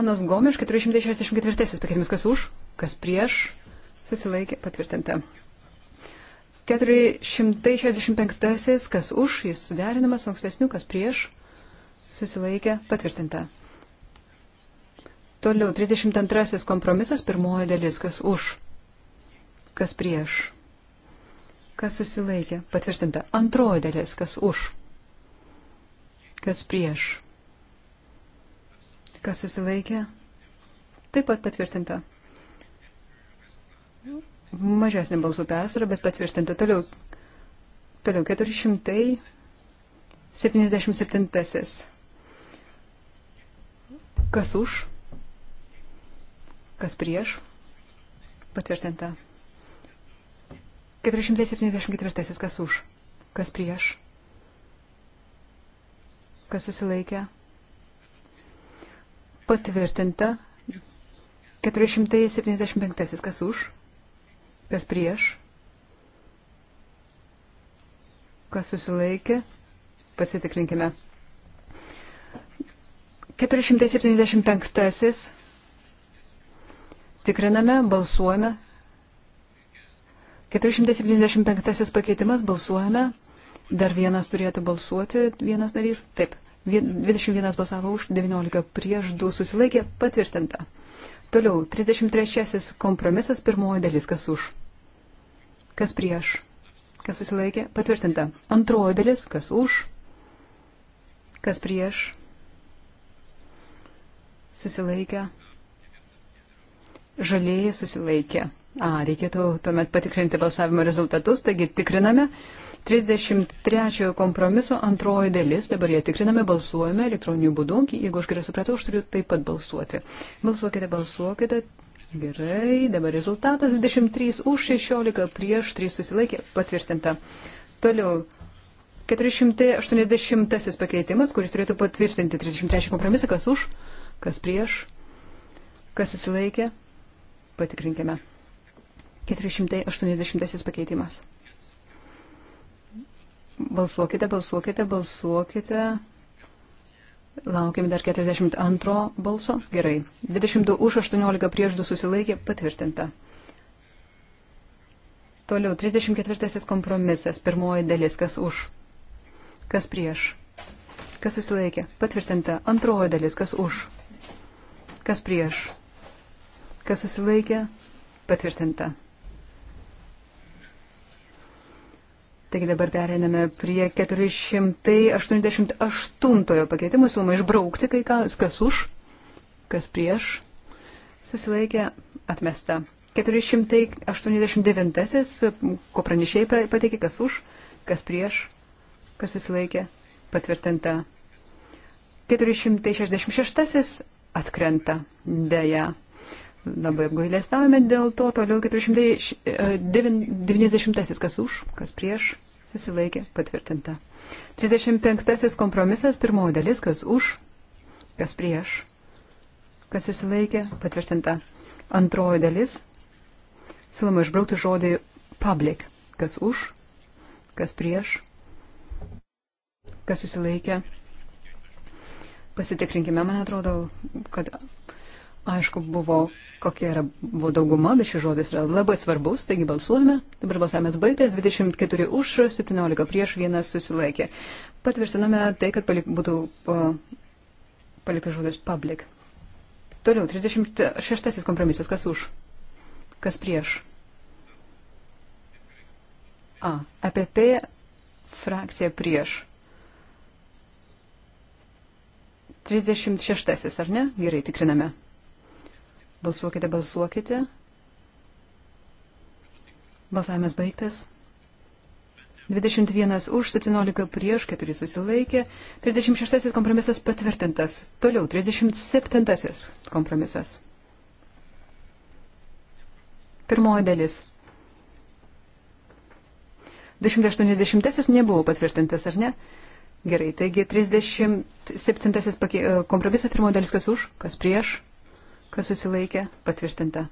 Anas Gomiš, 464 pakeitimas. Kas už, kas prieš, susilaikė. Patvirtinta. 465 kas už, jis suderinamas, ankstesnių, kas prieš, susilaikė, patvirtinta. Toliau, 32 kompromisas, pirmoji dalis, kas už, kas prieš, kas susilaikė, patvirtinta. Antroji dalis, kas už, kas prieš, kas susilaikė, taip pat patvirtinta mažesnė balsų persvara, bet patvirtinta toliau. Toliau 477. Kas už? Kas prieš? Patvirtinta. 474. Kas už? Kas prieš? Kas susilaikė? Patvirtinta. 475. Kas už? Kas prieš? Kas susilaikė? Pasitikrinkime. 475. Tikriname, balsuojame. 475 pakeitimas, balsuojame. Dar vienas turėtų balsuoti, vienas narys. Taip, 21 balsavo už, 19 prieš, 2 susilaikė, patvirtinta. Toliau, 33 kompromisas, pirmoji dalis, kas už. Kas prieš, kas susilaikė, patvirtinta. Antroji dalis, kas už, kas prieš, susilaikė, žalieji susilaikė. A, reikėtų tuomet patikrinti balsavimo rezultatus, taigi tikriname. 33 kompromiso antroji dalis, dabar jie tikriname, balsuojame elektroniniu būdu, jeigu aš gerai supratau, aš turiu taip pat balsuoti. Balsuokite, balsuokite, Gerai, dabar rezultatas 23 už 16 prieš 3 susilaikė patvirtinta. Toliau 480 pakeitimas, kuris turėtų patvirtinti 33 kompromisą, kas už, kas prieš, kas susilaikė, patikrinkime. 480 pakeitimas. Balsuokite, balsuokite, balsuokite. Laukime dar 42 balso. Gerai. 22 už 18 prieš 2 susilaikė patvirtinta. Toliau 34 kompromisas, pirmoji dalis, kas už, kas prieš, kas susilaikė, patvirtinta, antroji dalis, kas už, Kas prieš? Kas susilaikė? Patvirtinta. Taigi dabar pereiname prie 488 pakeitimų. Siūloma išbraukti kai ką, kas už, kas prieš. Susilaikė atmesta. 489, ko pranešėjai pateikė, kas už, kas prieš, kas susilaikė patvirtinta. 466 atkrenta dėja. Labai apgailestavome dėl to, toliau 490, e, kas už, kas prieš, susilaikė, patvirtinta. 35 kompromisas, pirmoji dalis, kas už, kas prieš, kas susilaikė, patvirtinta. Antroji dalis, siūloma išbraukti žodį public, kas už, kas prieš, kas susilaikė, pasitikrinkime, man atrodo, kad aišku buvo, kokia yra buvo dauguma, bet šis žodis yra labai svarbus, taigi balsuojame. Dabar balsavimas baigtas, 24 už, 17 prieš, vienas susilaikė. Patvirtiname tai, kad palik, būtų paliktas žodis public. Toliau, 36 kompromisas, kas už, kas prieš. A, APP e frakcija prieš. 36, ar ne? Gerai, tikriname. Balsuokite, balsuokite. Balsavimas baigtas. 21 už, 17 prieš, kaip ir jis susilaikė. 36 kompromisas patvirtintas. Toliau, 37 kompromisas. Pirmoji dalis. 280 nebuvo patvirtintas, ar ne? Gerai, taigi 37 pake... E, kompromisas pirmo dalis, kas už, kas prieš, kas susilaikė, patvirtinta.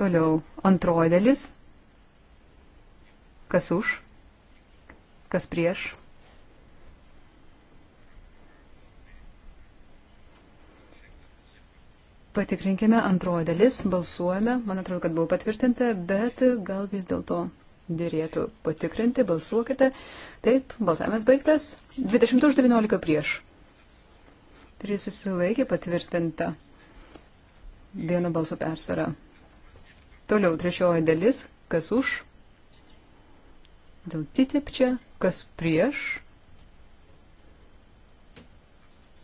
Toliau antroji dalis, kas už, kas prieš. Patikrinkime antroji dalis, balsuojame, man atrodo, kad buvo patvirtinta, bet gal vis dėlto dėrėtų patikrinti, balsuokite. Taip, balsavimas baigtas. 20 už 19 prieš. 3 susilaikė patvirtinta vieno balso persvara. Toliau trečioji dalis, kas už, dėl titipčia, kas prieš,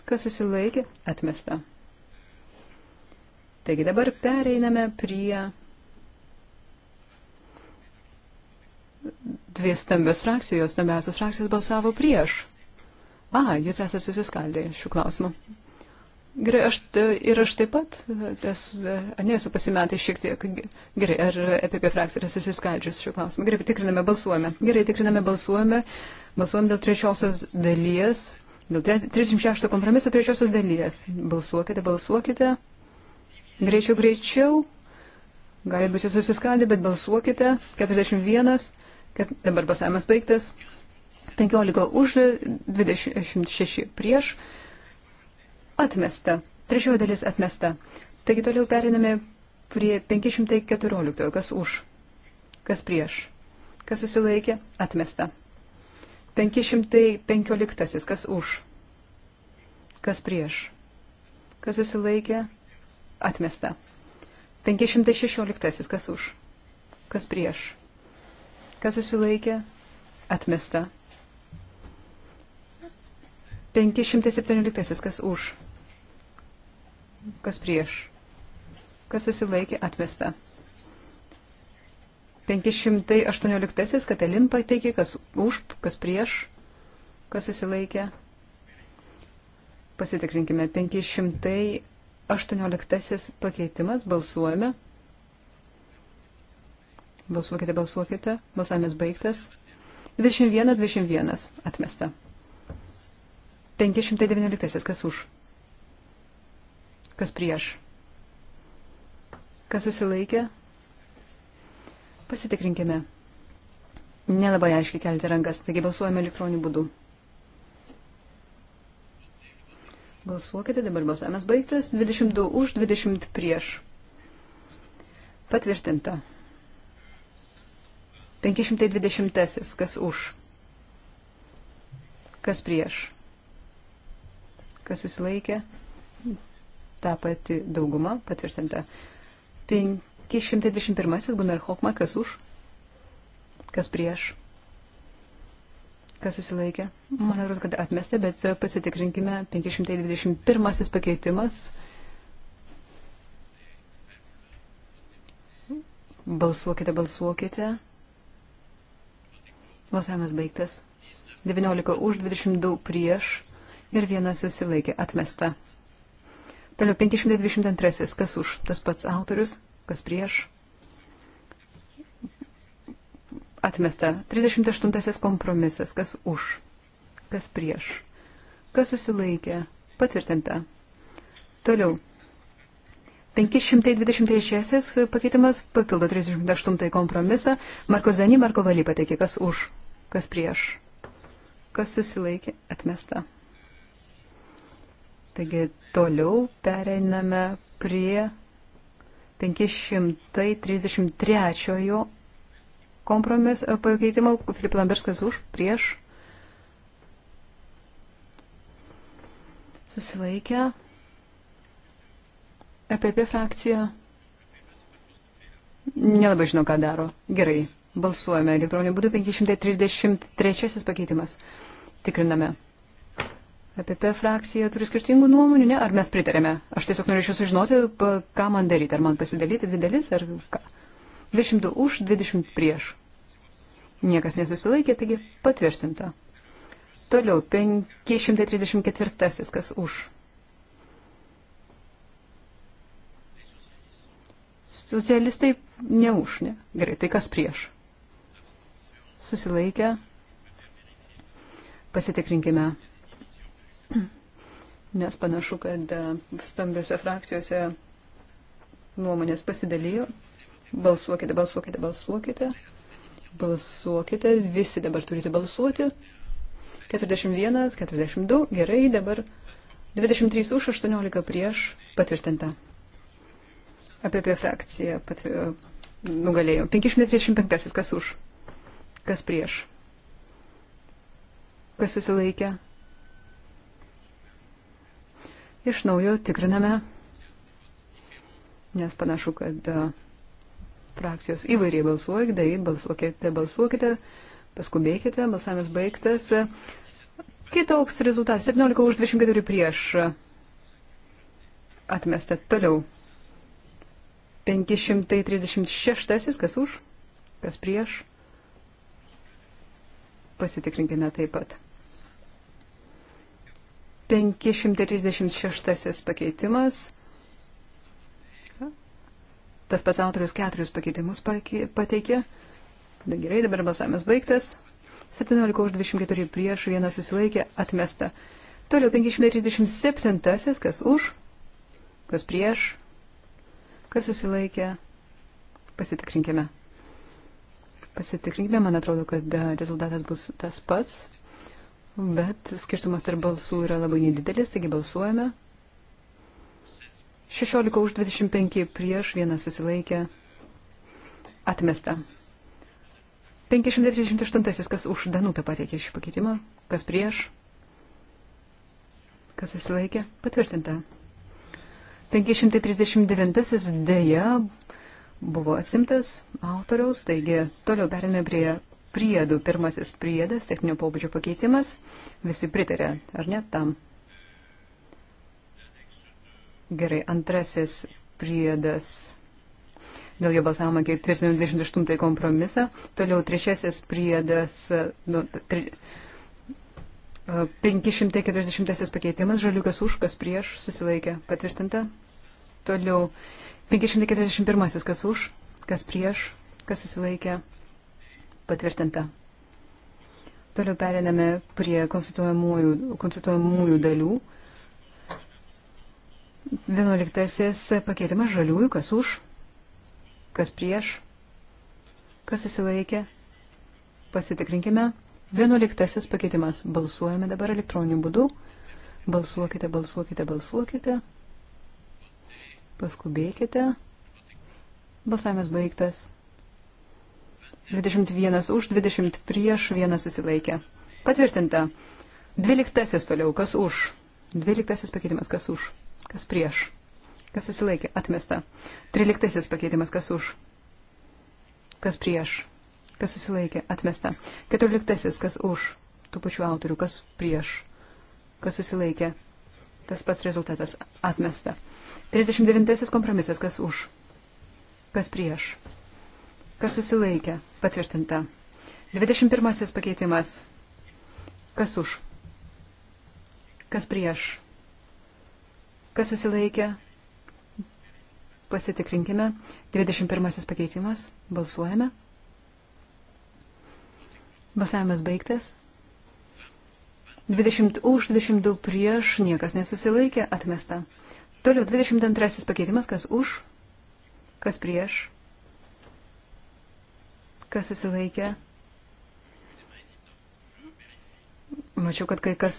kas susilaikė, atmesta. Taigi dabar pereiname prie dvi stambios frakcijos, stambiausios frakcijos balsavo prieš. A, jūs esate susiskaldę šių klausimų. Gerai, aš ir aš taip pat, tas, nesu pasimetęs šiek tiek, gerai, ar EPP frakcija yra susiskaldžius šiuo klausimu. Gerai, tikriname, balsuojame. Gerai, tikriname, balsuojame. Balsuojame dėl trečiosios dalies, dėl 36 kompromiso trečiosios dalies. Balsuokite, balsuokite. Greičiau, greičiau. Galite būti susiskaldę, bet balsuokite. 41. Kad dabar balsavimas baigtas. 15 už, 26 prieš. Atmesta. Trečioji dalis atmesta. Taigi toliau periname prie 514. Kas už? Kas prieš? Kas susilaikė? Atmesta. 515. Kas už? Kas prieš? Kas susilaikė? Atmesta. 516. Kas už? Kas prieš? kas susilaikė, atmesta. 517, kas už, kas prieš, kas susilaikė, atmesta. 518 Katalin pateikė, kas už, kas prieš, kas susilaikė. Pasitikrinkime, 518 pakeitimas, balsuojame. Balsuokite, balsuokite. Balsavimas baigtas. 21, 21 atmesta. 519. Kas už? Kas prieš? Kas susilaikė? Pasitikrinkime. Nelabai aiškiai kelti rankas, taigi balsuojame elektroniniu būdu. Balsuokite, dabar balsavimas baigtas. 22 už, 20 prieš. Patvirtinta. 520. Kas už? Kas prieš? Kas susilaikė? Ta pati dauguma patvirtinta. 521. Gunnar Hokma. Kas už? Kas prieš? Kas susilaikė? Man atrodo, kad atmestė, bet pasitikrinkime. 521 pakeitimas. Balsuokite, balsuokite. Balsavimas baigtas. 19 už, 22 prieš ir vienas susilaikė atmesta. Toliau 522. Kas už? Tas pats autorius, kas prieš? Atmesta. 38. Kompromisas. Kas už? Kas prieš? Kas susilaikė? Patvirtinta. Toliau 523 pakeitimas papildo 38 kompromisą. Marko Zani, Marko Valy pateikė, kas už, kas prieš, kas susilaikė, atmesta. Taigi toliau pereiname prie 533 kompromis e, pakeitimo. Filip Lamberskas už, prieš. Susilaikę. EPP frakcija nelabai žino, ką daro. Gerai, balsuojame elektroniniu būdu 533 pakeitimas. Tikriname. EPP frakcija turi skirtingų nuomonių, ne? Ar mes pritarėme? Aš tiesiog norėčiau sužinoti, ką man daryti. Ar man pasidalyti dvi dalis, ar ką? 22 už, 20 prieš. Niekas nesusilaikė, taigi patvirtinta. Toliau 534, kas už Socialistai neužne. Gerai, tai kas prieš? Susilaikę. Pasitikrinkime. Nes panašu, kad e, stambiose frakcijose nuomonės pasidalijo. Balsuokite, balsuokite, balsuokite. Balsuokite, visi dabar turite balsuoti. 41, 42, gerai, dabar 23 už, 18 prieš, patvirtinta. Apie apie frakciją pat, nugalėjo. 535. Kas už? Kas prieš? Kas susilaikė? Iš naujo tikriname, nes panašu, kad frakcijos įvairiai balsuoja, tai balsuokite, balsuokite, paskubėkite, balsavimas baigtas. Kitoks rezultatas - 17 už 24 prieš. Atmesta toliau. 536, kas už, kas prieš. Pasitikrinkime taip pat. 536 pakeitimas. Tas pats autorius keturius pakeitimus pateikė. Da, gerai, dabar balsavimas baigtas. 17 už 24 prieš, vienas susilaikė, atmesta. Toliau 537, kas už, kas prieš, Kas susilaikė? Pasitikrinkime. Pasitikrinkime, man atrodo, kad e, rezultatas bus tas pats, bet skirtumas tarp balsų yra labai nedidelis, taigi balsuojame. 16 už 25 prieš, vienas susilaikė. Atmesta. 538, kas už Danutą pateikė šį pakeitimą, kas prieš, kas susilaikė, patvirtinta. 539 dėja buvo atsimtas autoriaus, taigi toliau perėmė prie priedų. Pirmasis priedas, techninio pobūdžio pakeitimas. Visi pritarė, ar net tam? Gerai, antrasis priedas. Dėl jo balsavimo, kiek tvirtino 28 kompromisą. Toliau trečiasis priedas. Nu, tri, 540 pakeitimas, žaliukas už, kas prieš, susilaikė, patvirtinta. Toliau 541, kas už, kas prieš, kas susilaikė, patvirtinta. Toliau periname prie konsultuojamųjų, konsultuojamųjų dalių. 11 pakeitimas žaliųjų, kas už, kas prieš, kas susilaikė. Pasitikrinkime. Vienuoliktasis pakeitimas. Balsuojame dabar elektroniniu būdu. Balsuokite, balsuokite, balsuokite. Paskubėkite. Balsavimas baigtas. 21 už, 20 prieš, 1 susilaikė. Patvirtinta. Dvyliktasis toliau. Kas už? Dvyliktasis pakeitimas. Kas už? Kas prieš? Kas susilaikė? Atmesta. Tryliktasis pakeitimas. Kas už? Kas prieš? kas susilaikė, atmesta. Keturioliktasis, kas už, tų pačių autorių, kas prieš, kas susilaikė, tas pats rezultatas, atmesta. Trisdešimt devintasis kompromisas, kas už, kas prieš, kas susilaikė, patvirtinta. Dvidešimt pirmasis pakeitimas, kas už, kas prieš, kas susilaikė, Pasitikrinkime. 21 pakeitimas. Balsuojame. Balsavimas baigtas. 20 už, 22 prieš, niekas nesusilaikė, atmesta. Toliau 22 pakeitimas, kas už, kas prieš, kas susilaikė. Mačiau, kad kai kas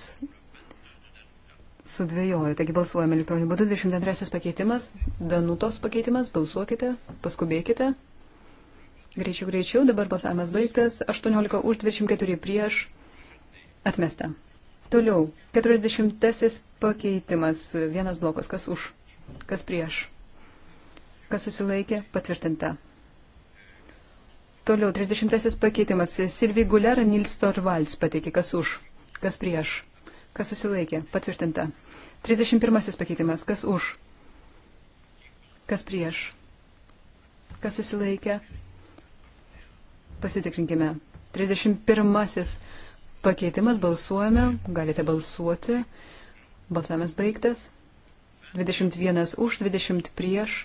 sudvėjojo, taigi balsuojame elektroniniu būdu. 22 pakeitimas, Danutos pakeitimas, balsuokite, paskubėkite. Greičiau, greičiau, dabar balsavimas baigtas. 18 už 24 prieš atmesta. Toliau, 40 pakeitimas, vienas blokas, kas už, kas prieš, kas susilaikė, patvirtinta. Toliau, 30 pakeitimas, Silvi Gulera Nils Torvalds pateikė, kas už, kas prieš, kas susilaikė, patvirtinta. 31 pakeitimas, kas už, kas prieš, kas susilaikė, Pasitikrinkime. 31 pakeitimas. Balsuojame. Galite balsuoti. Balsavimas baigtas. 21 už, 20 prieš.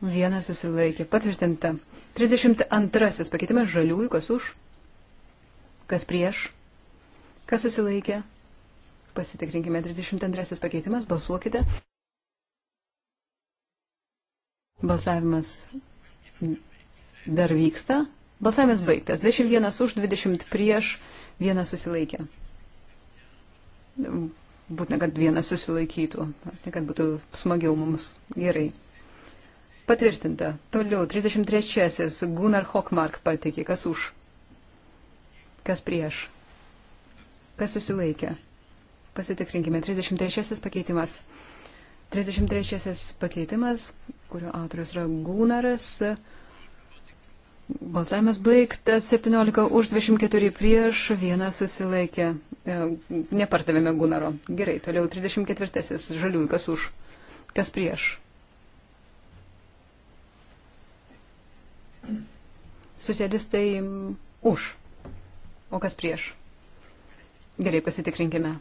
Vienas susilaikė. Patvirtinta. 32 pakeitimas žaliųjų. Kas už? Kas prieš? Kas susilaikė? Pasitikrinkime. 32 pakeitimas. Balsuokite. Balsavimas dar vyksta. Balsavimas baigtas. 21 už, 20 prieš, vienas susilaikė. Būtina, kad vienas susilaikytų, kad būtų smagiau mums. Gerai. Patvirtinta. Toliau, 33-asis Gunnar Hockmark pateikė. Kas už? Kas prieš? Kas susilaikė? Pasitikrinkime. 33-asis pakeitimas. 33-asis pakeitimas, kurio autorius yra Gunaras. Uh, Balsavimas baigtas 17 už 24 prieš, vienas susilaikė. E, nepartavėme Gunaro. Gerai, toliau 34. Žaliųjų, kas už, kas prieš. Susėdistai už, o kas prieš. Gerai, pasitikrinkime.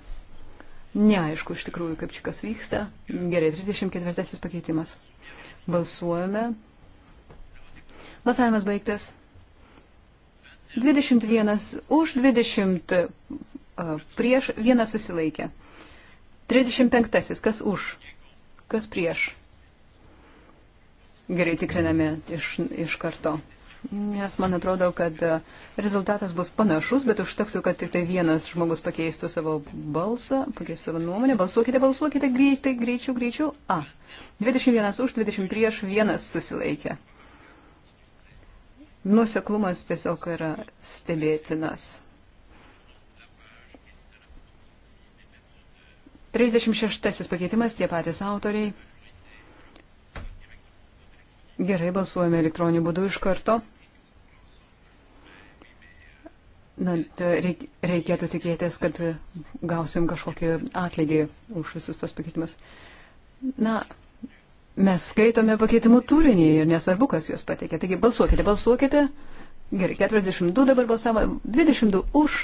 Neaišku iš tikrųjų, kaip čia kas vyksta. Gerai, 34 pakeitimas. Balsuojame, Balsavimas baigtas. 21 už 20 e, prieš, vienas susilaikė. 35. Kas už? Kas prieš? Gerai tikriname iš, iš karto. Nes man atrodo, kad e, rezultatas bus panašus, bet užtektų, kad tik tai vienas žmogus pakeistų savo balsą, pakeistų savo nuomonę. Balsuokite, balsuokite, greitai, greičiau, greičiau. A. 21 už, 20 prieš, vienas susilaikė nuseklumas tiesiog yra stebėtinas. 36 pakeitimas tie patys autoriai. Gerai, balsuojame elektroniniu būdu iš karto. Na, tai reikėtų tikėtis, kad gausim kažkokį atlygį už visus tos pakeitimus. Na, Mes skaitome pakeitimų turinį ir nesvarbu, kas juos pateikė. Taigi balsuokite, balsuokite. Gerai, 42 dabar balsavo, 22 už,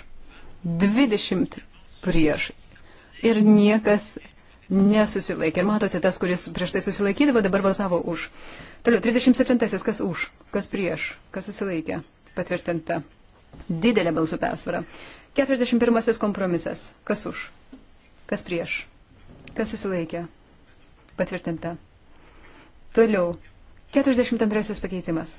20 prieš. Ir niekas nesusilaikė. Ir matote, tas, kuris prieš tai susilaikydavo, dabar balsavo už. Toliau, 37-asis, kas už, kas prieš, kas susilaikė. Patvirtinta. Didelė balsų persvara. 41-asis kompromisas. Kas už, kas prieš, kas susilaikė. Patvirtinta. Toliau. 42 pakeitimas.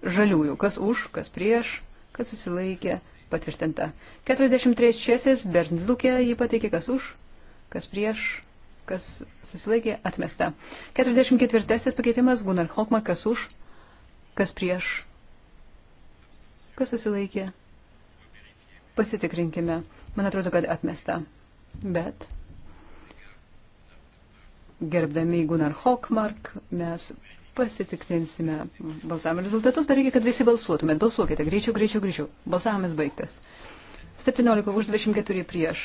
Žaliųjų. Kas už, kas prieš, kas susilaikė. Patvirtinta. 43 Berndlukė jį pateikė. Kas už, kas prieš, kas susilaikė. Atmesta. 44 pakeitimas Gunnar Hokmar. Kas už, kas prieš, kas susilaikė. Pasitikrinkime. Man atrodo, kad atmesta. Bet gerbdami Gunnar Hockmark, mes pasitikrinsime balsavimo rezultatus, bet reikia, kad visi balsuotumėt. Balsuokite, greičiau, greičiau, greičiau. Balsavimas baigtas. 17 už 24 prieš.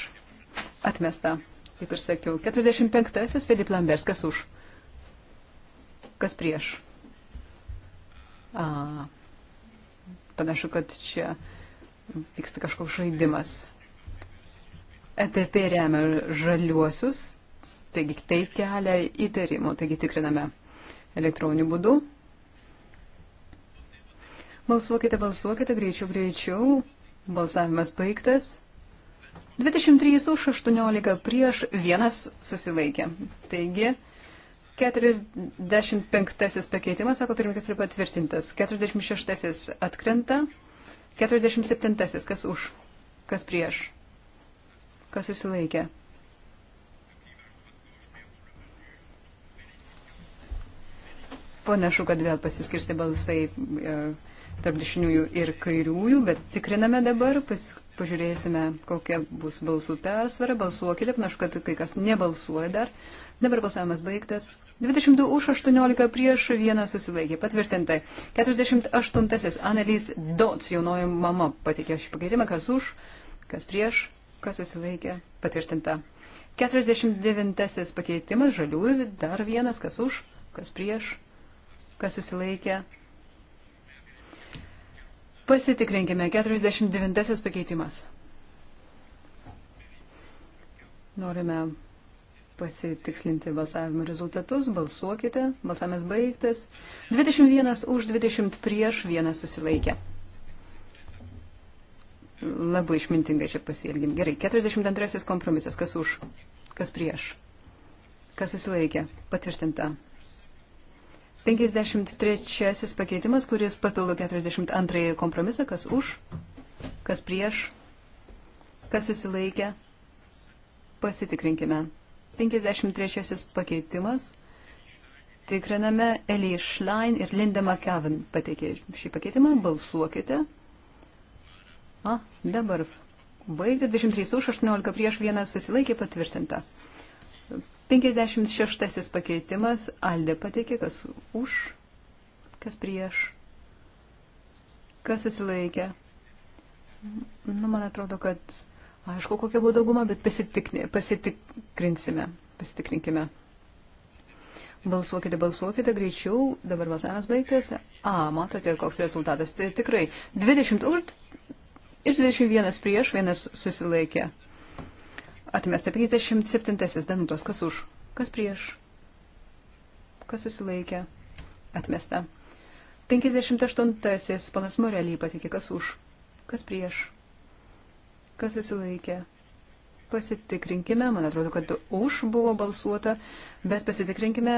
Atmesta, kaip ir sakiau. 45-asis Filip Lambers, kas už? Kas prieš? A, panašu, kad čia vyksta kažkoks žaidimas. EPP remia žaliuosius, Taigi tai kelia įtarimų, taigi tikriname elektroniniu būdu. Balsuokite, balsuokite, greičiau, greičiau. Balsavimas baigtas. 23 už 18 prieš vienas susilaikė. Taigi 45 pakeitimas, sako pirmininkas, yra patvirtintas. 46 atkrenta. 47 kas už, kas prieš, kas susilaikė Panašu, kad vėl pasiskirsti balsai e, tarp dešiniųjų ir kairiųjų, bet tikriname dabar, pas, pažiūrėsime, kokia bus balsų persvara. Balsuokite, panašu, kad kai kas nebalsuoja dar. Dabar balsavimas baigtas. 22 už 18 prieš vieną susilaikė. Patvirtinta. 48. Analys Dots jaunoji mama patikė šį pakeitimą. Kas už, kas prieš, kas susilaikė. Patvirtinta. 49. pakeitimas žaliųjų. Dar vienas. Kas už, kas prieš, kas susilaikė. Pasitikrinkime 49 pakeitimas. Norime pasitikslinti balsavimo rezultatus, balsuokite, balsavimas baigtas. 21 už 20 prieš vieną susilaikė. Labai išmintingai čia pasielgim. Gerai, 42 kompromisas, kas už, kas prieš, kas susilaikė, patvirtinta. 53 pakeitimas, kuris papildo 42 kompromisą, kas už, kas prieš, kas susilaikė. Pasitikrinkime. 53 pakeitimas. Tikriname Eli Schlein ir Linda McKevin pateikė šį pakeitimą. Balsuokite. A, dabar baigti. 23 už, 18 prieš, vienas susilaikė patvirtinta. 56 pakeitimas. Aldė pateikė, kas už, kas prieš, kas susilaikė. Nu, man atrodo, kad aišku, kokia buvo dauguma, bet pasitikrinsime. Pasitikrinkime. Balsuokite, balsuokite greičiau. Dabar balsavimas baigtas. A, matote, koks rezultatas. Tai tikrai 20 už ir 21 prieš, vienas susilaikė. Atmesta 57 Danutos. Kas už? Kas prieš? Kas susilaikė? Atmesta. 58 Panas Morelį patikė. Kas už? Kas prieš? Kas susilaikė? Pasitikrinkime, man atrodo, kad už buvo balsuota, bet pasitikrinkime,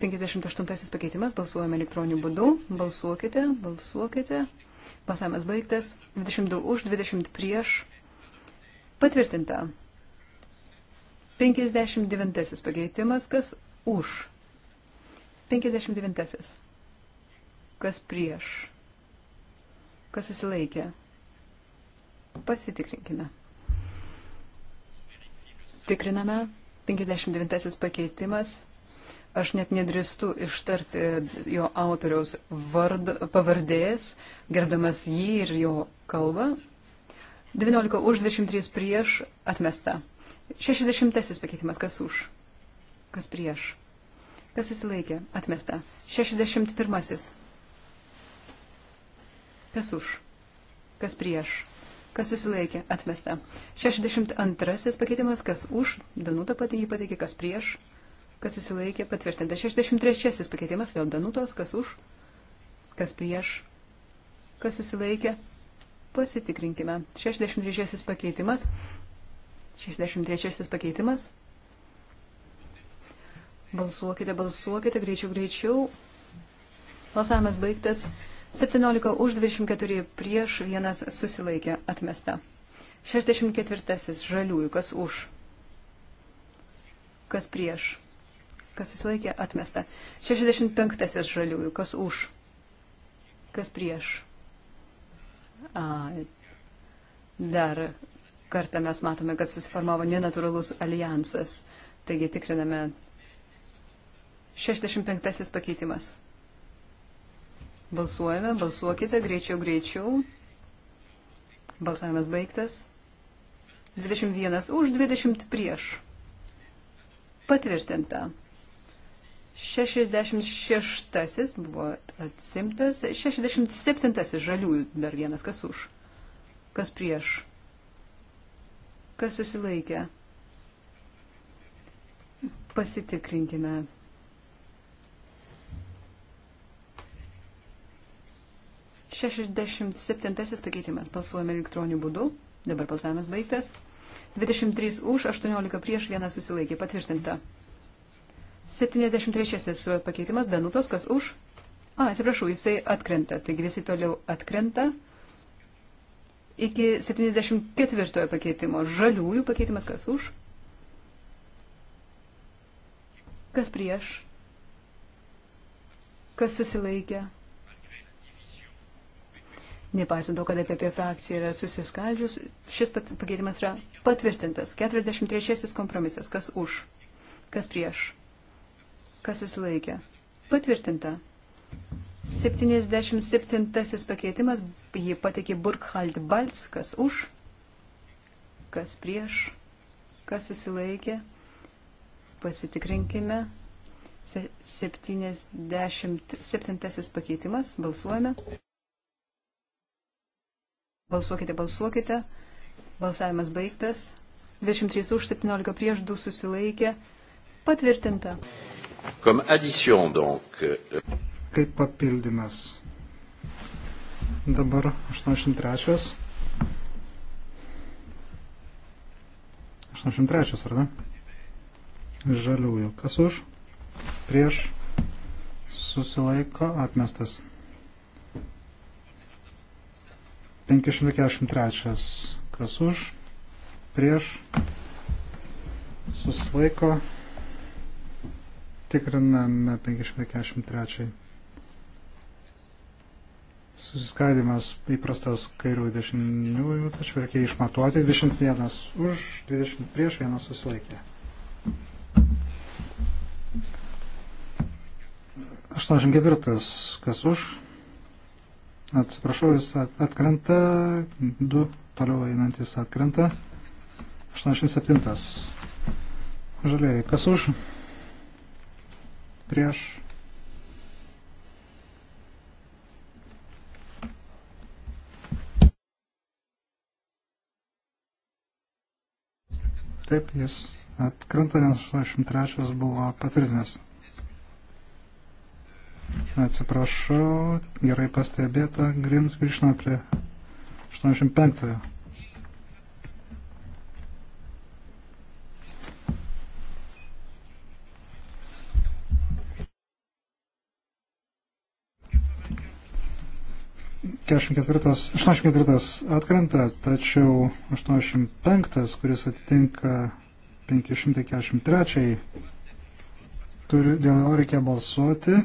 58 pakeitimas, balsuojame elektroniniu būdu, balsuokite, balsuokite, pasamas baigtas, 22 už, 20 prieš, patvirtinta. 59 pakeitimas, kas už. 59. Kas prieš. Kas susilaikė. Pasitikrinkime. Tikriname. 59 pakeitimas. Aš net nedrįstu ištarti jo autoriaus vard, pavardės, gerdamas jį ir jo kalbą. 19 už 23 prieš atmesta. 60 pakeitimas, kas už, kas prieš, kas susilaikė, atmesta. 61. Kas už, kas prieš, kas susilaikė, atmesta. 62 pakeitimas, kas už, Danuta pati jį pateikė, kas prieš, kas susilaikė, patvirtinta. 63 pakeitimas, vėl Danutos, kas už, kas prieš, kas susilaikė, pasitikrinkime. 63 pakeitimas, 63 pakeitimas. Balsuokite, balsuokite, greičiau, greičiau. Balsavimas baigtas. 17 už 24 prieš vienas susilaikė atmesta. 64 žaliųjų, kas už, kas prieš, kas susilaikė atmesta. 65 žaliųjų, kas už, kas prieš. A, dar kartą mes matome, kad susiformavo nenatūralus alijansas. Taigi tikriname 65 pakeitimas. Balsuojame, balsuokite, greičiau, greičiau. Balsavimas baigtas. 21 už, 20 prieš. Patvirtinta. 66 buvo atsimtas, 67 žaliųjų dar vienas, kas už, kas prieš Kas susilaikė? Pasitikrinkime. Šešiasdešimt septintasis pakeitimas. Balsuojame elektroniniu būdu. Dabar balsavimas baigtas. 23 už, 18 prieš, 1 susilaikė. Patvirtinta. 73 pakeitimas. Danutos, kas už? A, atsiprašau, jisai atkrenta. Taigi visi toliau atkrenta iki 74 pakeitimo. Žaliųjų pakeitimas kas už? Kas prieš? Kas susilaikė? Nepaisant to, kad apie, apie frakciją yra susiskaldžius, šis pakeitimas yra patvirtintas. 43 kompromisas. Kas už? Kas prieš? Kas susilaikė? Patvirtinta. 77 pakeitimas, jį patikė Burkhalt Balts, kas už, kas prieš, kas susilaikė. Pasitikrinkime. 77 pakeitimas, balsuojame. Balsuokite, balsuokite. Balsavimas baigtas. 23 už, 17 prieš, 2 susilaikė. Patvirtinta. Comme addition, donc. Euh, kaip papildymas. Dabar 83. 83, ar ne? Žaliųjų. Kas už? Prieš susilaiko atmestas. 543. Kas už? Prieš susilaiko tikriname 543 susiskaidimas įprastas kairių dešiniųjų, tačiau reikia išmatuoti 21 už, 20 prieš, 1 susilaikė. 84. Kas už? Atsiprašau, jis atkrenta. 2 toliau einantis atkrenta. 87. Žaliai, kas už? Prieš Taip, jis atkrenta, nes 83 buvo patvirtinęs. Atsiprašau, gerai pastebėta, grįžtame prie 85. -ojo. 44, 84 atkrenta, tačiau 85, kuris atitinka 543, turi, dėl jo reikia balsuoti,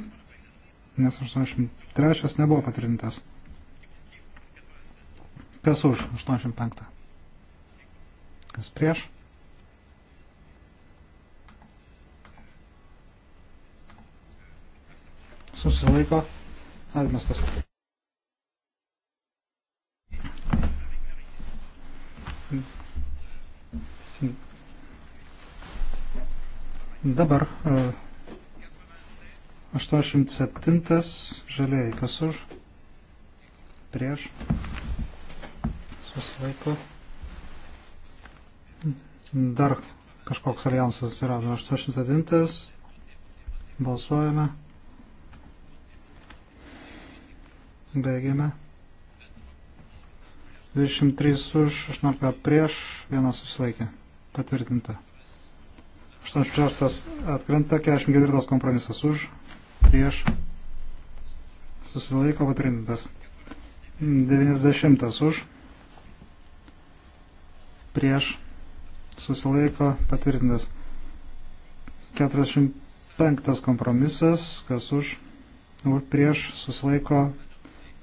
nes 83 nebuvo patvirtintas. Kas už 85? Kas prieš? Susilaiko atmestas. Dabar 87 e, žaliai, kas už, prieš, susilaiko. Dar kažkoks alijansas atsirado. 87 balsuojame. Baigiame. 23 už, 18 prieš, vienas susilaikė. Patvirtinta. 86 atkrenta, 44 kompromisas už, prieš, susilaiko patrintas. 90 už, prieš, susilaiko patvirtintas. 45 kompromisas, kas už, prieš, susilaiko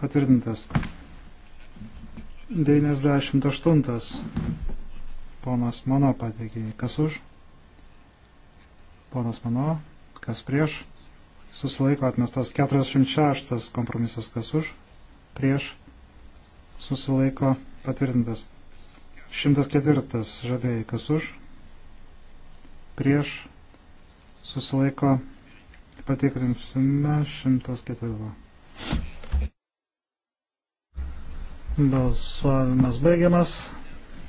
patvirtintas. 98 ponas mano pateikė, kas už, Ponas mano, kas prieš? Susilaiko atmestas 46 kompromisas, kas už? Prieš. Susilaiko patvirtintas. 104 žaliai, kas už? Prieš. Susilaiko patikrinsime 104. Balsavimas baigiamas.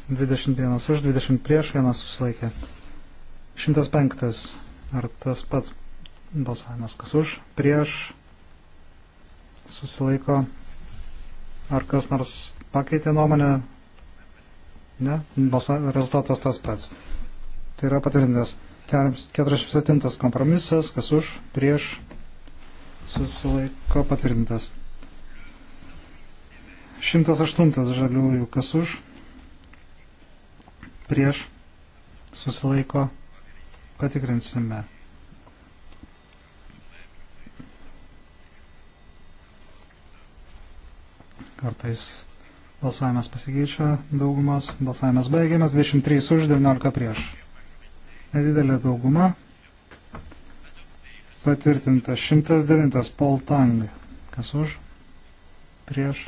21 už, 20 prieš, 1 susilaikė. 105. Ar tas pats balsavimas, kas už, prieš, susilaiko, ar kas nors pakeitė nuomonę, ne, Balsa, rezultatas tas pats. Tai yra patvirtintas 47 kompromisas, kas už, prieš, susilaiko patvirtintas. 108 žaliųjų, kas už, prieš, susilaiko patvirtintas patikrinsime. Kartais balsavimas pasikeičia daugumos, balsavimas baigiamas, 23 už 19 prieš. Nedidelė dauguma. Patvirtintas 109 Poltang. Kas už? Prieš.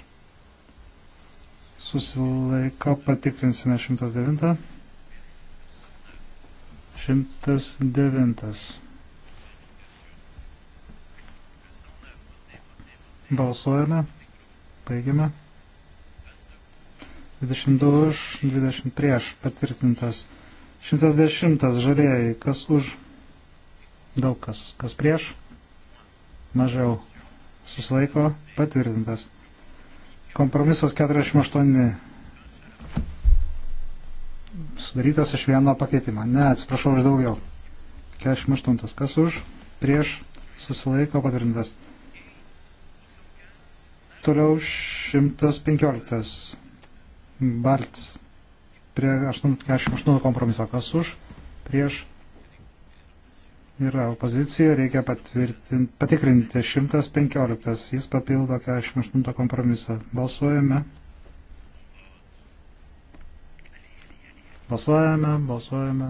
Susilaiko patikrinsime 109. 109. Balsuojame. Baigiame. 22 už, 20 prieš patvirtintas. 110 žalieji, kas už, daug kas, kas prieš, mažiau susilaiko, patvirtintas. Kompromisas 48 sudarytas iš vieno pakeitimo. Ne, atsiprašau už daugiau. 48. Kas už? Prieš susilaiko patvirtintas. Toliau 115. Barts. Prie 48 kompromiso. Kas už? Prieš. Yra opozicija, reikia patikrinti 115. Jis papildo 48 kompromisą. Balsuojame. Balsuojame, balsuojame.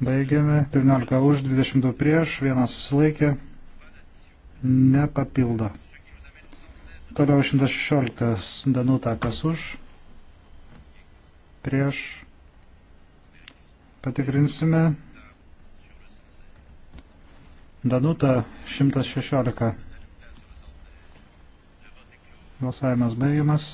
Baigiame. 19 už, 22 prieš, vienas susilaikė. Nepapildo. Toliau 116 Danuta, kas už, prieš. Patikrinsime. Danuta 116. Balsavimas baigiamas.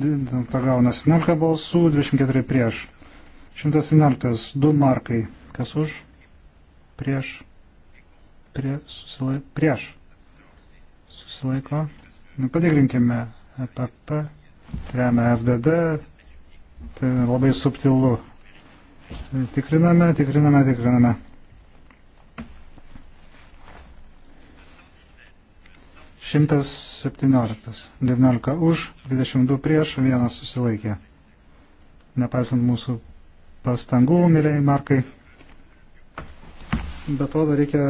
to gauna 17 balsų, 24 prieš. 111, 2 markai. Kas už? Prieš. Prie, susila, prieš. Susilaiko. Nu, patikrinkime EPP, remia FDD. Tai labai subtilu. Tikriname, tikriname, tikriname. 117. 19 už, 22 prieš, vienas susilaikė. Nepaisant mūsų pastangų, mėlyjei Markai. Be to dar reikia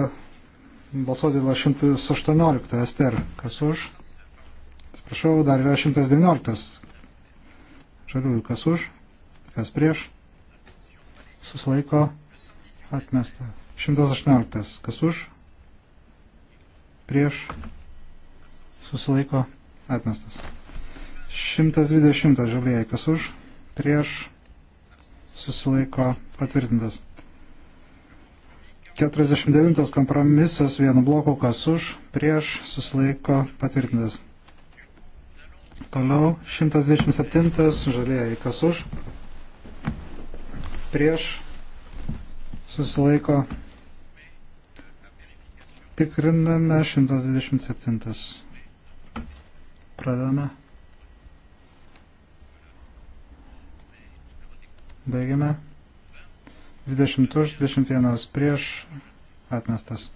balsuoti dėl 118 Ester. Kas už? Atsiprašau, dar yra 119. Žaliųjų kas už, kas prieš. Susilaiko atmesta. 118. Kas už? Prieš susilaiko atmestas. 120 žalieji kas už, prieš susilaiko patvirtintas. 49 kompromisas vienu bloku kas už, prieš susilaiko patvirtintas. Toliau 127 žalieji kas už, prieš susilaiko tikriname 127. Pradedame. Baigiame. 20 už, 21 prieš atmestas.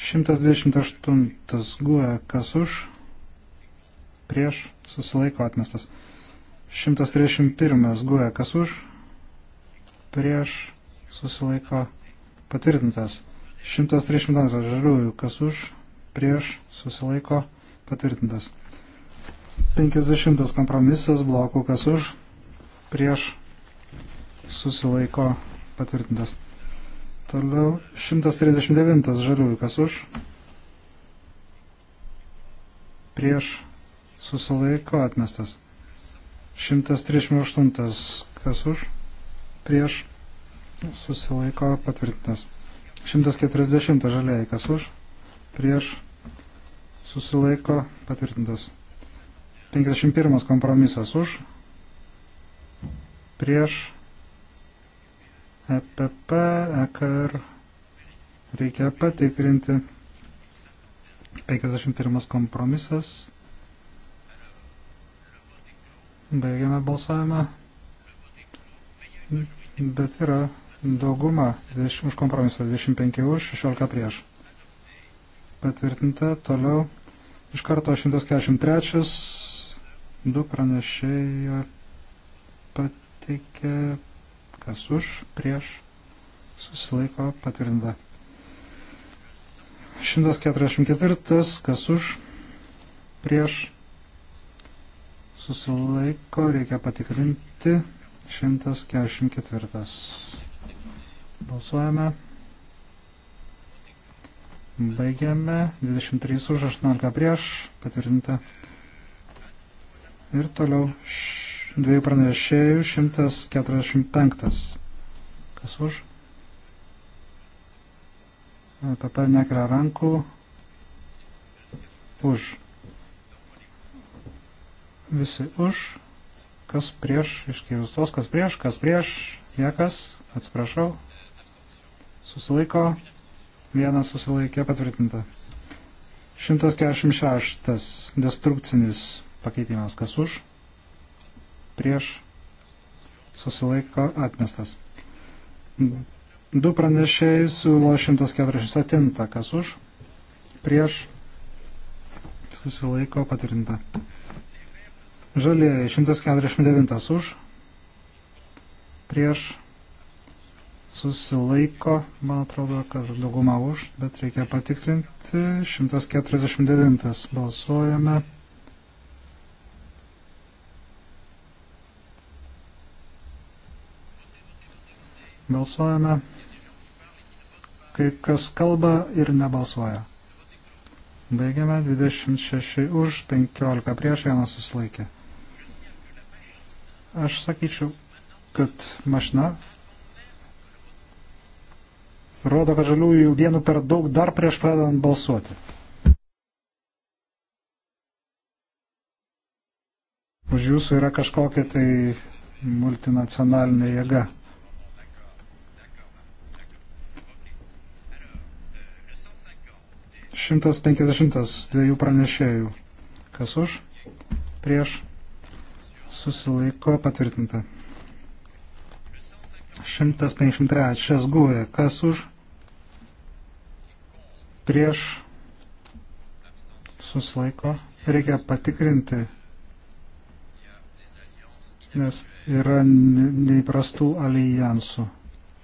128 guoja kas už, prieš susilaiko atmestas. 131 guoja kas už, prieš susilaiko patvirtintas. 132 žaliųjų kas už, prieš susilaiko atmestas patvirtintas. 50 kompromisas blokų kas už, prieš susilaiko patvirtintas. Toliau 139 žaliųjų kas už, prieš susilaiko atmestas. 138 kas už, prieš susilaiko patvirtintas. 140 žaliai kas už, prieš susilaiko patvirtintas susilaiko patvirtintas. 51 kompromisas už, prieš, EPP, EKR, reikia patikrinti. 51 kompromisas. Baigiame balsavimą. Bet yra dauguma 20, už kompromisą 25 už, 16 prieš. Patvirtinta toliau Iš karto 143. Du pranešėjo pateikė, kas už, prieš, susilaiko, patvirtinta. 144. Kas už, prieš, susilaiko, reikia patikrinti. 144. Balsuojame. Baigiame. 23 už, 18 prieš. Patvirtinta. Ir toliau š... dviejų pranešėjų 145. Kas už? PP nekra rankų. Už. Visi už. Kas prieš, iškyrus tuos, kas prieš, kas prieš, niekas, atsiprašau, susilaiko, vienas susilaikė patvirtinta. 146 destrukcinis pakeitimas, kas už, prieš, susilaiko atmestas. Du pranešėjai siūlo 147, kas už, prieš, susilaiko patvirtinta. Žalieji 149 už, prieš, susilaiko, man atrodo, kad dauguma už, bet reikia patikrinti. 149 balsuojame. Balsuojame, kai kas kalba ir nebalsuoja. Baigiame 26 už, 15 prieš, vienas susilaikė. Aš sakyčiau, kad mašina rodo, kad žaliųjų jau vienu per daug dar prieš pradedant balsuoti. Už jūsų yra kažkokia tai multinacionalinė jėga. Šimtas penkisdešimtas dviejų pranešėjų. Kas už? Prieš. Susilaiko patvirtinta. 153 guvė. Kas už? prieš susilaiko. Reikia patikrinti, nes yra neįprastų alijansų.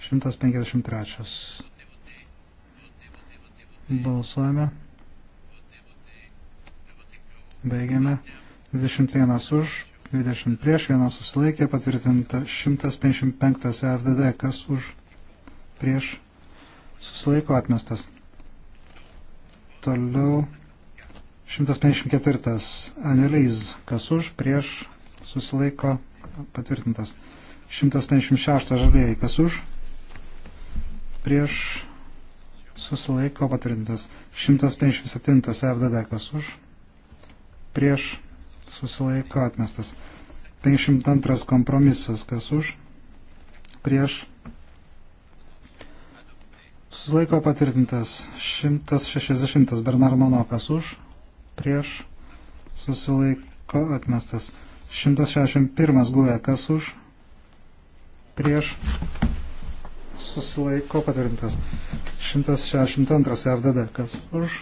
153. Balsuojame. Baigiame. 21 už, 20 prieš, 1 susilaikė, patvirtinta 155 RDD, kas už, prieš, susilaiko atmestas. Toliau 154. Aneliz. Kas už, prieš, susilaiko, patvirtintas. 156. Žalėjai. Kas už, prieš, susilaiko, patvirtintas. 157. FDD. Kas už, prieš, susilaiko, atmestas. 52. Kompromisas. Kas už, prieš, susilaiko Susilaiko patvirtintas 160 Bernar Manokas už, prieš, susilaiko atmestas 161 Guvė kas už, prieš, susilaiko patvirtintas 162 FDD kas už,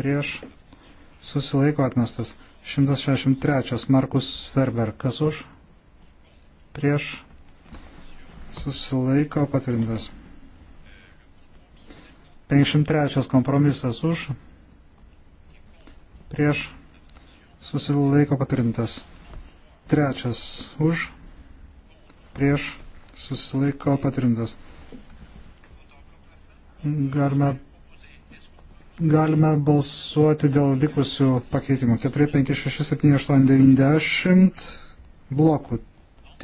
prieš, susilaiko atmestas 163 Markus Ferber kas už, prieš, susilaiko patvirtintas 163 53 kompromisas už, prieš, susilaiko patvirtintas. Trečias už, prieš, susilaiko patvirtintas. Galime, galime balsuoti dėl likusių pakeitimų. 4, 5, 6, 7, 8, 90 blokų.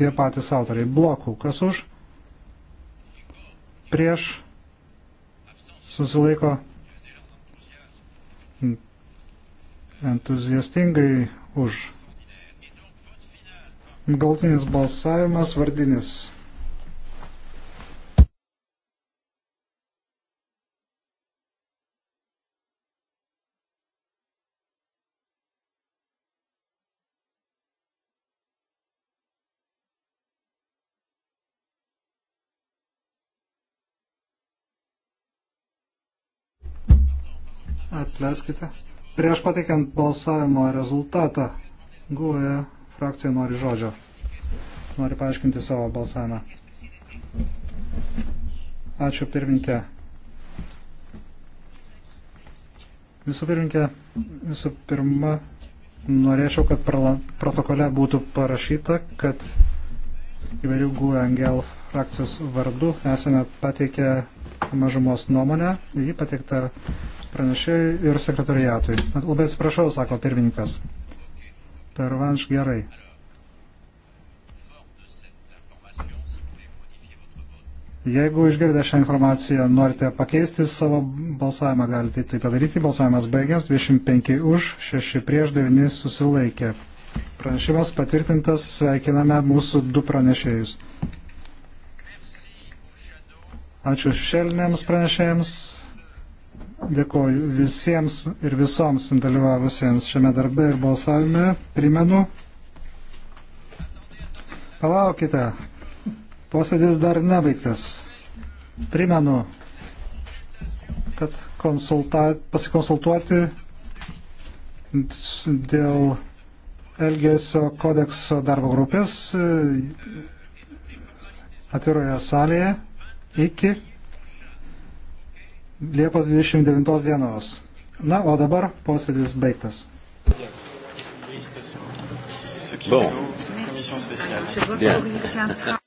Tie patys autoriai. Blokų. Kas už? Prieš susilaiko entuziastingai už. Galtinis balsavimas vardinis. atleiskite. Prieš pateikiant balsavimo rezultatą, GUE frakcija nori žodžio. Nori paaiškinti savo balsavimą. Ačiū pirminkė. Visų pirminkė, visų pirma, norėčiau, kad protokole būtų parašyta, kad įvairių GUE Angel frakcijos vardu esame pateikę mažumos nuomonę. Ji pateikta pranešėjai ir sekretariatui. Labai atsiprašau, sako pirmininkas. Per vanš gerai. Jeigu išgirdę šią informaciją norite pakeisti savo balsavimą, galite tai padaryti. Balsavimas baigęs 25 už, 6 prieš 9 susilaikė. Pranešimas patvirtintas, sveikiname mūsų du pranešėjus. Ačiū šešėlinėms pranešėjams. Dėkuoju visiems ir visoms dalyvavusiems šiame darbe ir balsavime. Primenu. Palaukite. Posėdis dar nebaigtas. Primenu, kad pasikonsultuoti dėl Elgesio kodekso darbo grupės e, atviroje salėje iki Liepos 29 dienos. Na, o dabar posėdis baigtas. Bon. Bien.